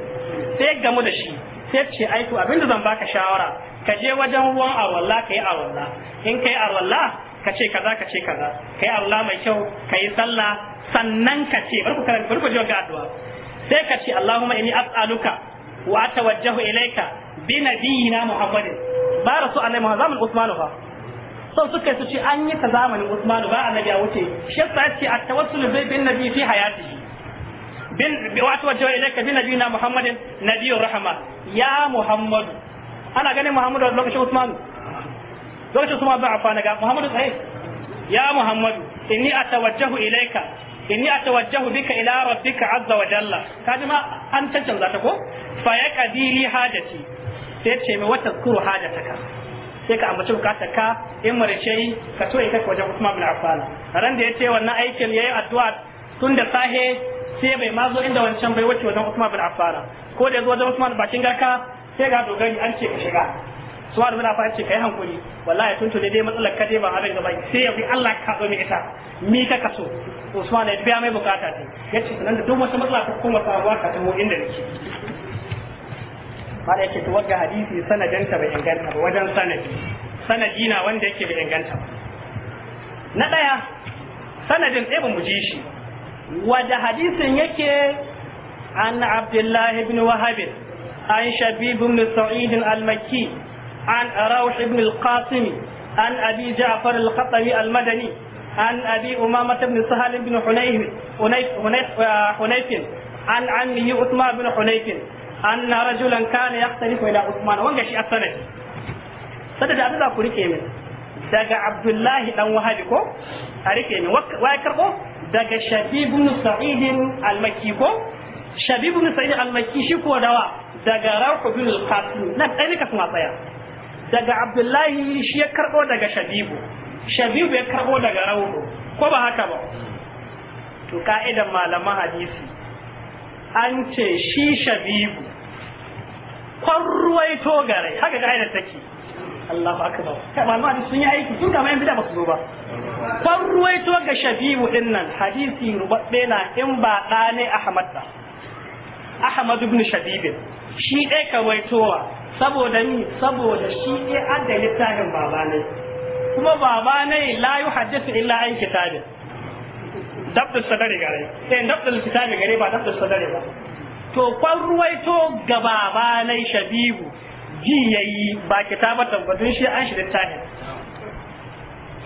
sai ya gamu da shi sai ce ai to abinda zan baka shawara ka je wajen ruwan arwalla ka yi arwalla in ka yi arwalla ka ce kaza ka ce kaza ka yi arwalla mai kyau ka yi sallah sannan ka ce bari ku karanta bari ku ji ga addu'a sai ka ce Allahumma inni as'aluka wa atawajjahu ilayka bi nabiyyina Muhammadin ba rasu annabi Muhammad Usman fa sau suka su ce an yi ta zamanin Usman ba annabi ya wuce shi sai ce at-tawassul bi bin nabi fi hayatihi bin wato wajen ilaika bin na muhammadin nabiyur rahama ya muhammadu ana ganin muhammadu a lokacin usman. lokacin usman ba afa ga muhammadu sai ya muhammadu inni atawajjahu ilaika inni atawajjahu bika ila rabbika azza wa jalla kaji ma an cancanza ta ko fa yaqdi li hajati sai ce mai wata kuru hajataka sai ka ambaci bukatar ka in marice ka so ita wajen Usman bin Affan ran da ya ce wannan aikin yi addu'a tun da sahe sai bai ma zo inda wancan bai wuce wajen Usman bin Affan ko da ya zo wajen Usman bakin garka sai ga dogari an ce ka shiga su wani muna fara ce kai hankuri wallahi tun tuni dai matsalar ka ba abin gaba sai ya Allah ka zo mi ita mi ka kaso Usman ya biya mai bukata ta yace sanan da duk wata matsala ta kuma sabuwa ka taho inda nake mala yake to wagga hadisi sanadin ta bai inganta ba wajen sanadi sanadi na wanda yake bai inganta ba na daya sanadin sai ba mu shi wada hadisin yake an abdullah ibn wahab an shabib ibn sa'id al-makki an rawh ibn al-qasim an abi ja'far al-qatawi al-madani an abi umama ibn sahal ibn hunayf hunayf uh, an ammihi uthman ibn hunayf anna rajulan kana yahtalifu ila usman wanga shi as sada da abin ku rike min daga abdullahi dan wahabi ko a rike min wa ya karbo daga shafi sa'idin sa'id al-makki ko shabi sa'idin al-makki shi ko dawa daga rafu bin al na dai ne kuma tsaya daga abdullahi shi ya karbo daga shabibu shabibu ya karbo daga rawu ko ba haka ba to ka'idan malaman hadisi an ce shi shabibu kwan ruwaito gare haka ka'idar take Allahu akbar kai malaman sun yi aiki tun da mai bida ba su zo ba ban ruwaito ga shafi'u ɗin nan hadisi rubabbe na in ba ɗane ahmad ba ahmad ibn Shabibin shi ɗaya ka waitowa saboda ni saboda shi ɗaya adda littafin babanai kuma babanai la yu hadisi illa an kitabi. dabdul sadari gare eh dabdul kitabi gare ba dabdul sadari ba to kwan ruwaito ga babanai shabibu ji yayi ba kitabatan ba don shi an shi littafin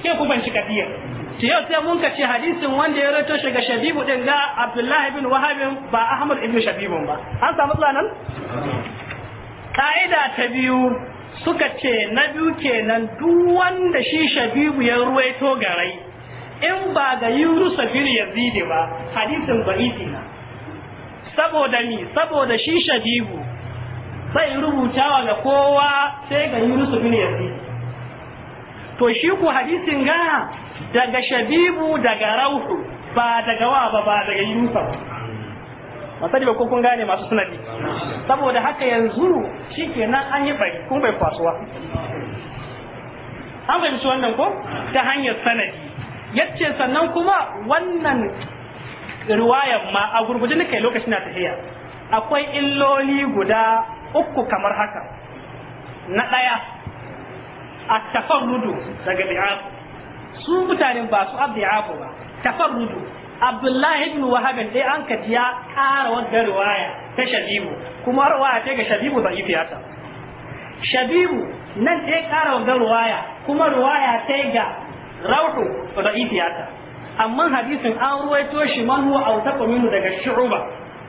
ke ku ban kafiyar to yau sai mun kace hadisin wanda ya rato shi ga Shabibu din ga Abdullahi bin Wahab ba Ahmad ibnu Shabibun ba an samu tsanan ka'ida ta biyu suka ce na biyu kenan duk wanda shi Shabibu ya ruwaito garai in ba ga Yunus bin yazidi ba hadisin ba na saboda ni saboda shi Shabibu sai rubutawa ga kowa sai ga Yunus bin yazidi to shi ku hadisin ga daga shabibu daga rauhu ba daga wa ba ba daga yusuf masali ba ko kun gane masu sanadi saboda haka yanzu shi nan an yi bai kun bai kwasuwa an fahimci wannan ko ta hanyar sanadi yace sannan kuma wannan riwayar ma a gurguje nake lokacin na tafiya akwai illoli guda uku kamar haka na ɗaya at-tafarrudu daga bi'af su mutanen ba su abdi'afu ba tafarrudu Abdullahi ibn Wahab dai an ka ya ƙara wannan riwaya ta Shabibu kuma riwaya ta ga Shabibu da ifiyata Shabibu nan dai ƙara wannan riwaya kuma riwaya ta ga Rauhu da ifiyata amma hadisin an ruwaito shi man huwa autaqu minhu daga Shu'ba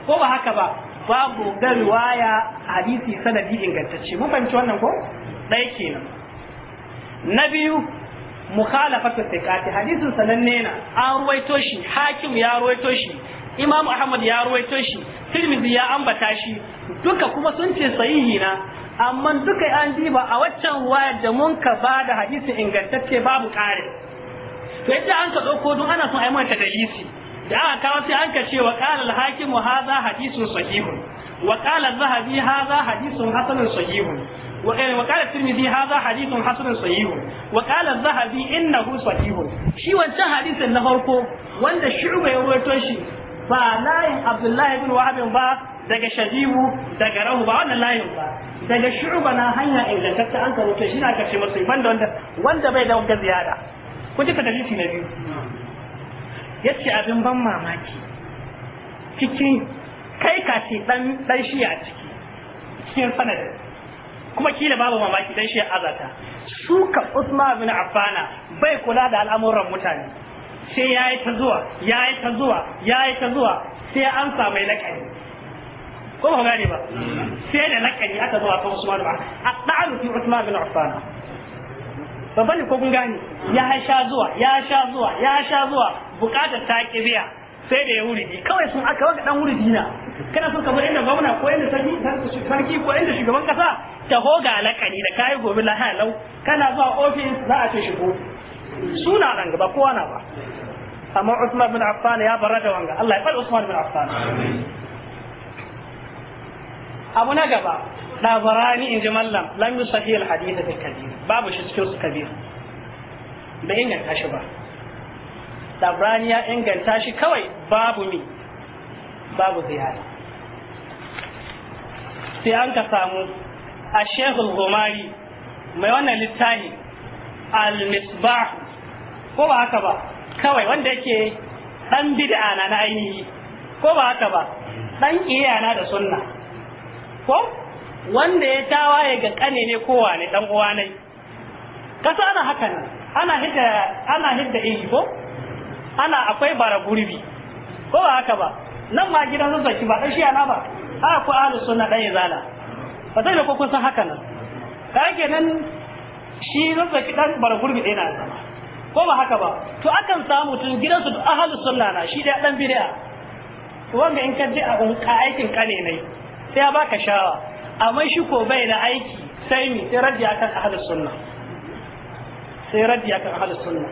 ko ba haka ba babu ga riwaya hadisi sanadi ingantacce mun fahimci wannan ko dai kenan na biyu mukhalafatu thiqati hadisin sananne na an ruwaito shi hakim ya ruwaito shi imam ahmad ya ruwaito shi tirmidhi ya ambata shi duka kuma sun ce sahihi na amma duka an diba a waccan waya da mun ka bada hadisin ingantacce babu kare to yadda an ka dauko don ana son a yi mana tadalisi da aka kawo sai an ka ce wa qala hakim hadha hadithun sahihun wa qala zahabi hadha hadithun hasanun sahihun وقال الترمذي هذا حديث حسن صحيح وقال الذهبي انه صحيح شي wancan hadisin na farko wanda shu'ba ya rawaito shi ba layin Abdullahi ibn Wahab ba daga Shadibu daga Rahu ba wannan layin ba daga shu'ba na hanya ingantacce an kawo shi na kace masa banda wanda bai da wanda ziyada ku ji hadisi na biyu yace abin ban mamaki cikin kai ka ce shi a ciki cikin sanadin kuma kila babu mamaki dan shi azata su ka Usman bin Affana bai kula da al'amuran mutane sai yayi ta zuwa yayi ta zuwa yayi ta zuwa sai an samu lakani ko ba gane ba sai da lakani aka zuwa kan Usman bin Affan fi Usman bin Affana babban ko kun gane ya sha zuwa ya sha zuwa ya sha zuwa bukatar ta kibiya sai da ya wuridi kawai sun aka waka dan wuridi na kana son ka bar inda gwamna ko inda sarki ko inda shugaban kasa taho ga lakani da kayi gobe lau kana zuwa ofis za a ce shigo suna nan gaba kowa na ba amma Usman bin Affan ya barra da wanga Allah ya bar Usman bin Affan abu na gaba labarani in ji mallam lam yusahi al hadith bil kabir babu shi cikin su kabir bai inganta shi ba labarani ya inganta shi kawai babu mi babu ziyara sai an ka samu a shehul gomari mai wannan littafi al-misbah ko ba haka ba kawai wanda yake dan bid'a na na ainihi ko ba haka ba dan iyana da sunna ko wanda ya tawaye ga kane ne ko wane dan uwa ne kasa ana haka ne ana hidda ana hidda ihi ko ana akwai bara gurbi ko ba haka ba nan ma gidan ki ba dan shi ana ba a ko ahlus sunna dan izala ba zai da ko san haka nan yake nan shi zazzaki dan bara gurbi ɗaya na zama ko ba haka ba to akan samu tun gidansu da ahlus sunna na shi da dan bid'a to wanda in ka je a unka aikin kane ne sai ya baka shawa amma shi ko bai da aiki sai mi sai raddi akan ahlus sunna sai raddi akan ahlus sunna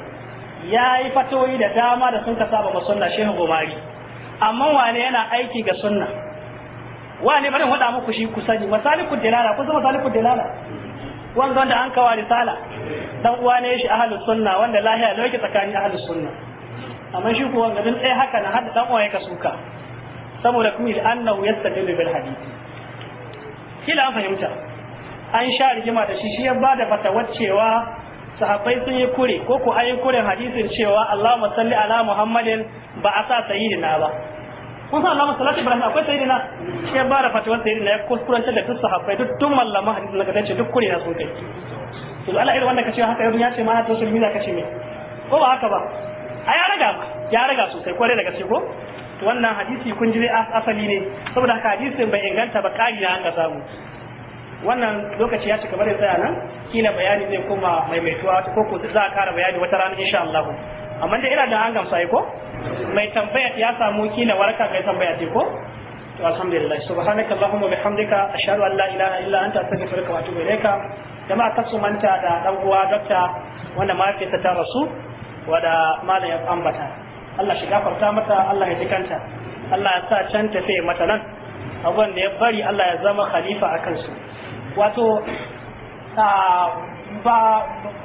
yayi fatoyi da dama da sun ka saba ma sunna shehu gomari amma wane yana aiki ga sunna wani bari hada muku shi ku sani masalikud dilala ku zama masalikud dilala wanda wanda an kawo risala dan uwa ne shi ahlus sunna wanda lahiya da yake tsakanin ahlus sunna amma shi wanda din sai haka na hada dan uwa yake suka saboda kuma annahu yastadillu bil hadisi kila an fahimta an sha rigima da shi shi ya bada fatawar cewa sahabbai sun yi kure ko ko ayi kuren hadisin cewa Allahumma salli ala Muhammadin ba a sa sayyidina ba kun san Allah masallaci Ibrahim akwai sayyidina shi ya bara fatuwar sayyidina ya kuskuranta da duk sahabbai duk tun mallama hadisi na kace duk kure na sun kai to Allah irin wanda kace haka yau ya ce ma to shi miza kace me ko ba haka ba ai ya riga ya raga sosai kware daga ciko. ko to wannan hadisi kun ji asali ne saboda haka hadisin bai inganta ba kari na aka samu wannan lokaci ya cika bare tsaya nan kila bayani zai koma maimaituwa ko ko za a kara bayani wata rana insha Allah amma dai ina da an gamsa ko mai tambaya ya samu na waraka mai tambaya ce ko to alhamdulillah subhanaka allahumma bihamdika ashhadu an la ilaha illa anta astaghfiruka wa atubu ilaika jama'a kasu manta da dan uwa dokta wanda mahaifiyarta ta rasu wada malam ya ambata Allah shi gafarta mata Allah ya dikanta Allah ya sa can tafe mata nan abun da ya bari Allah ya zama khalifa a kansu wato ah, ba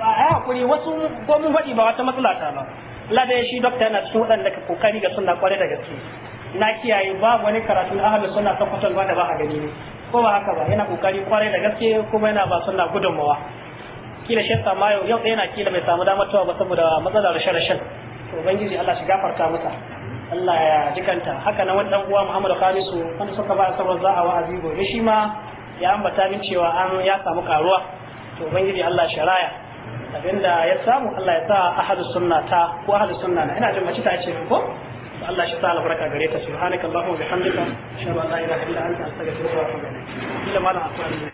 a hakuri wasu mun fadi ba wata matsala ta ba lada shi dokta yana cikin waɗanda ka kokari ga sunna kwarai da gaske na kiyaye babu wani karatu na ahlus sunna ta ba da ba a gani ne ko ba haka ba yana kokari kwarai da gaske kuma yana ba sunna gudunmawa kila shi sama yau yau na kila bai samu damar tawa ba saboda matsalar rashe rashen to ubangiji Allah shi gafarta masa Allah ya jikanta haka nan wani dan uwa Muhammadu Khalisu wanda suka ba sabon za'a wa'azi gobe shi ma ya ambata min cewa an ya samu karuwa to ubangiji Allah shi raya abinda ya samu Allah ya sa ahadu sunna ta ko ahadu sunna na ina jin mace ta ce ko Allah shi sa albarka gare ta subhanakallahumma bihamdika ashhadu an la ilaha illa anta astaghfiruka wa atubu ilaik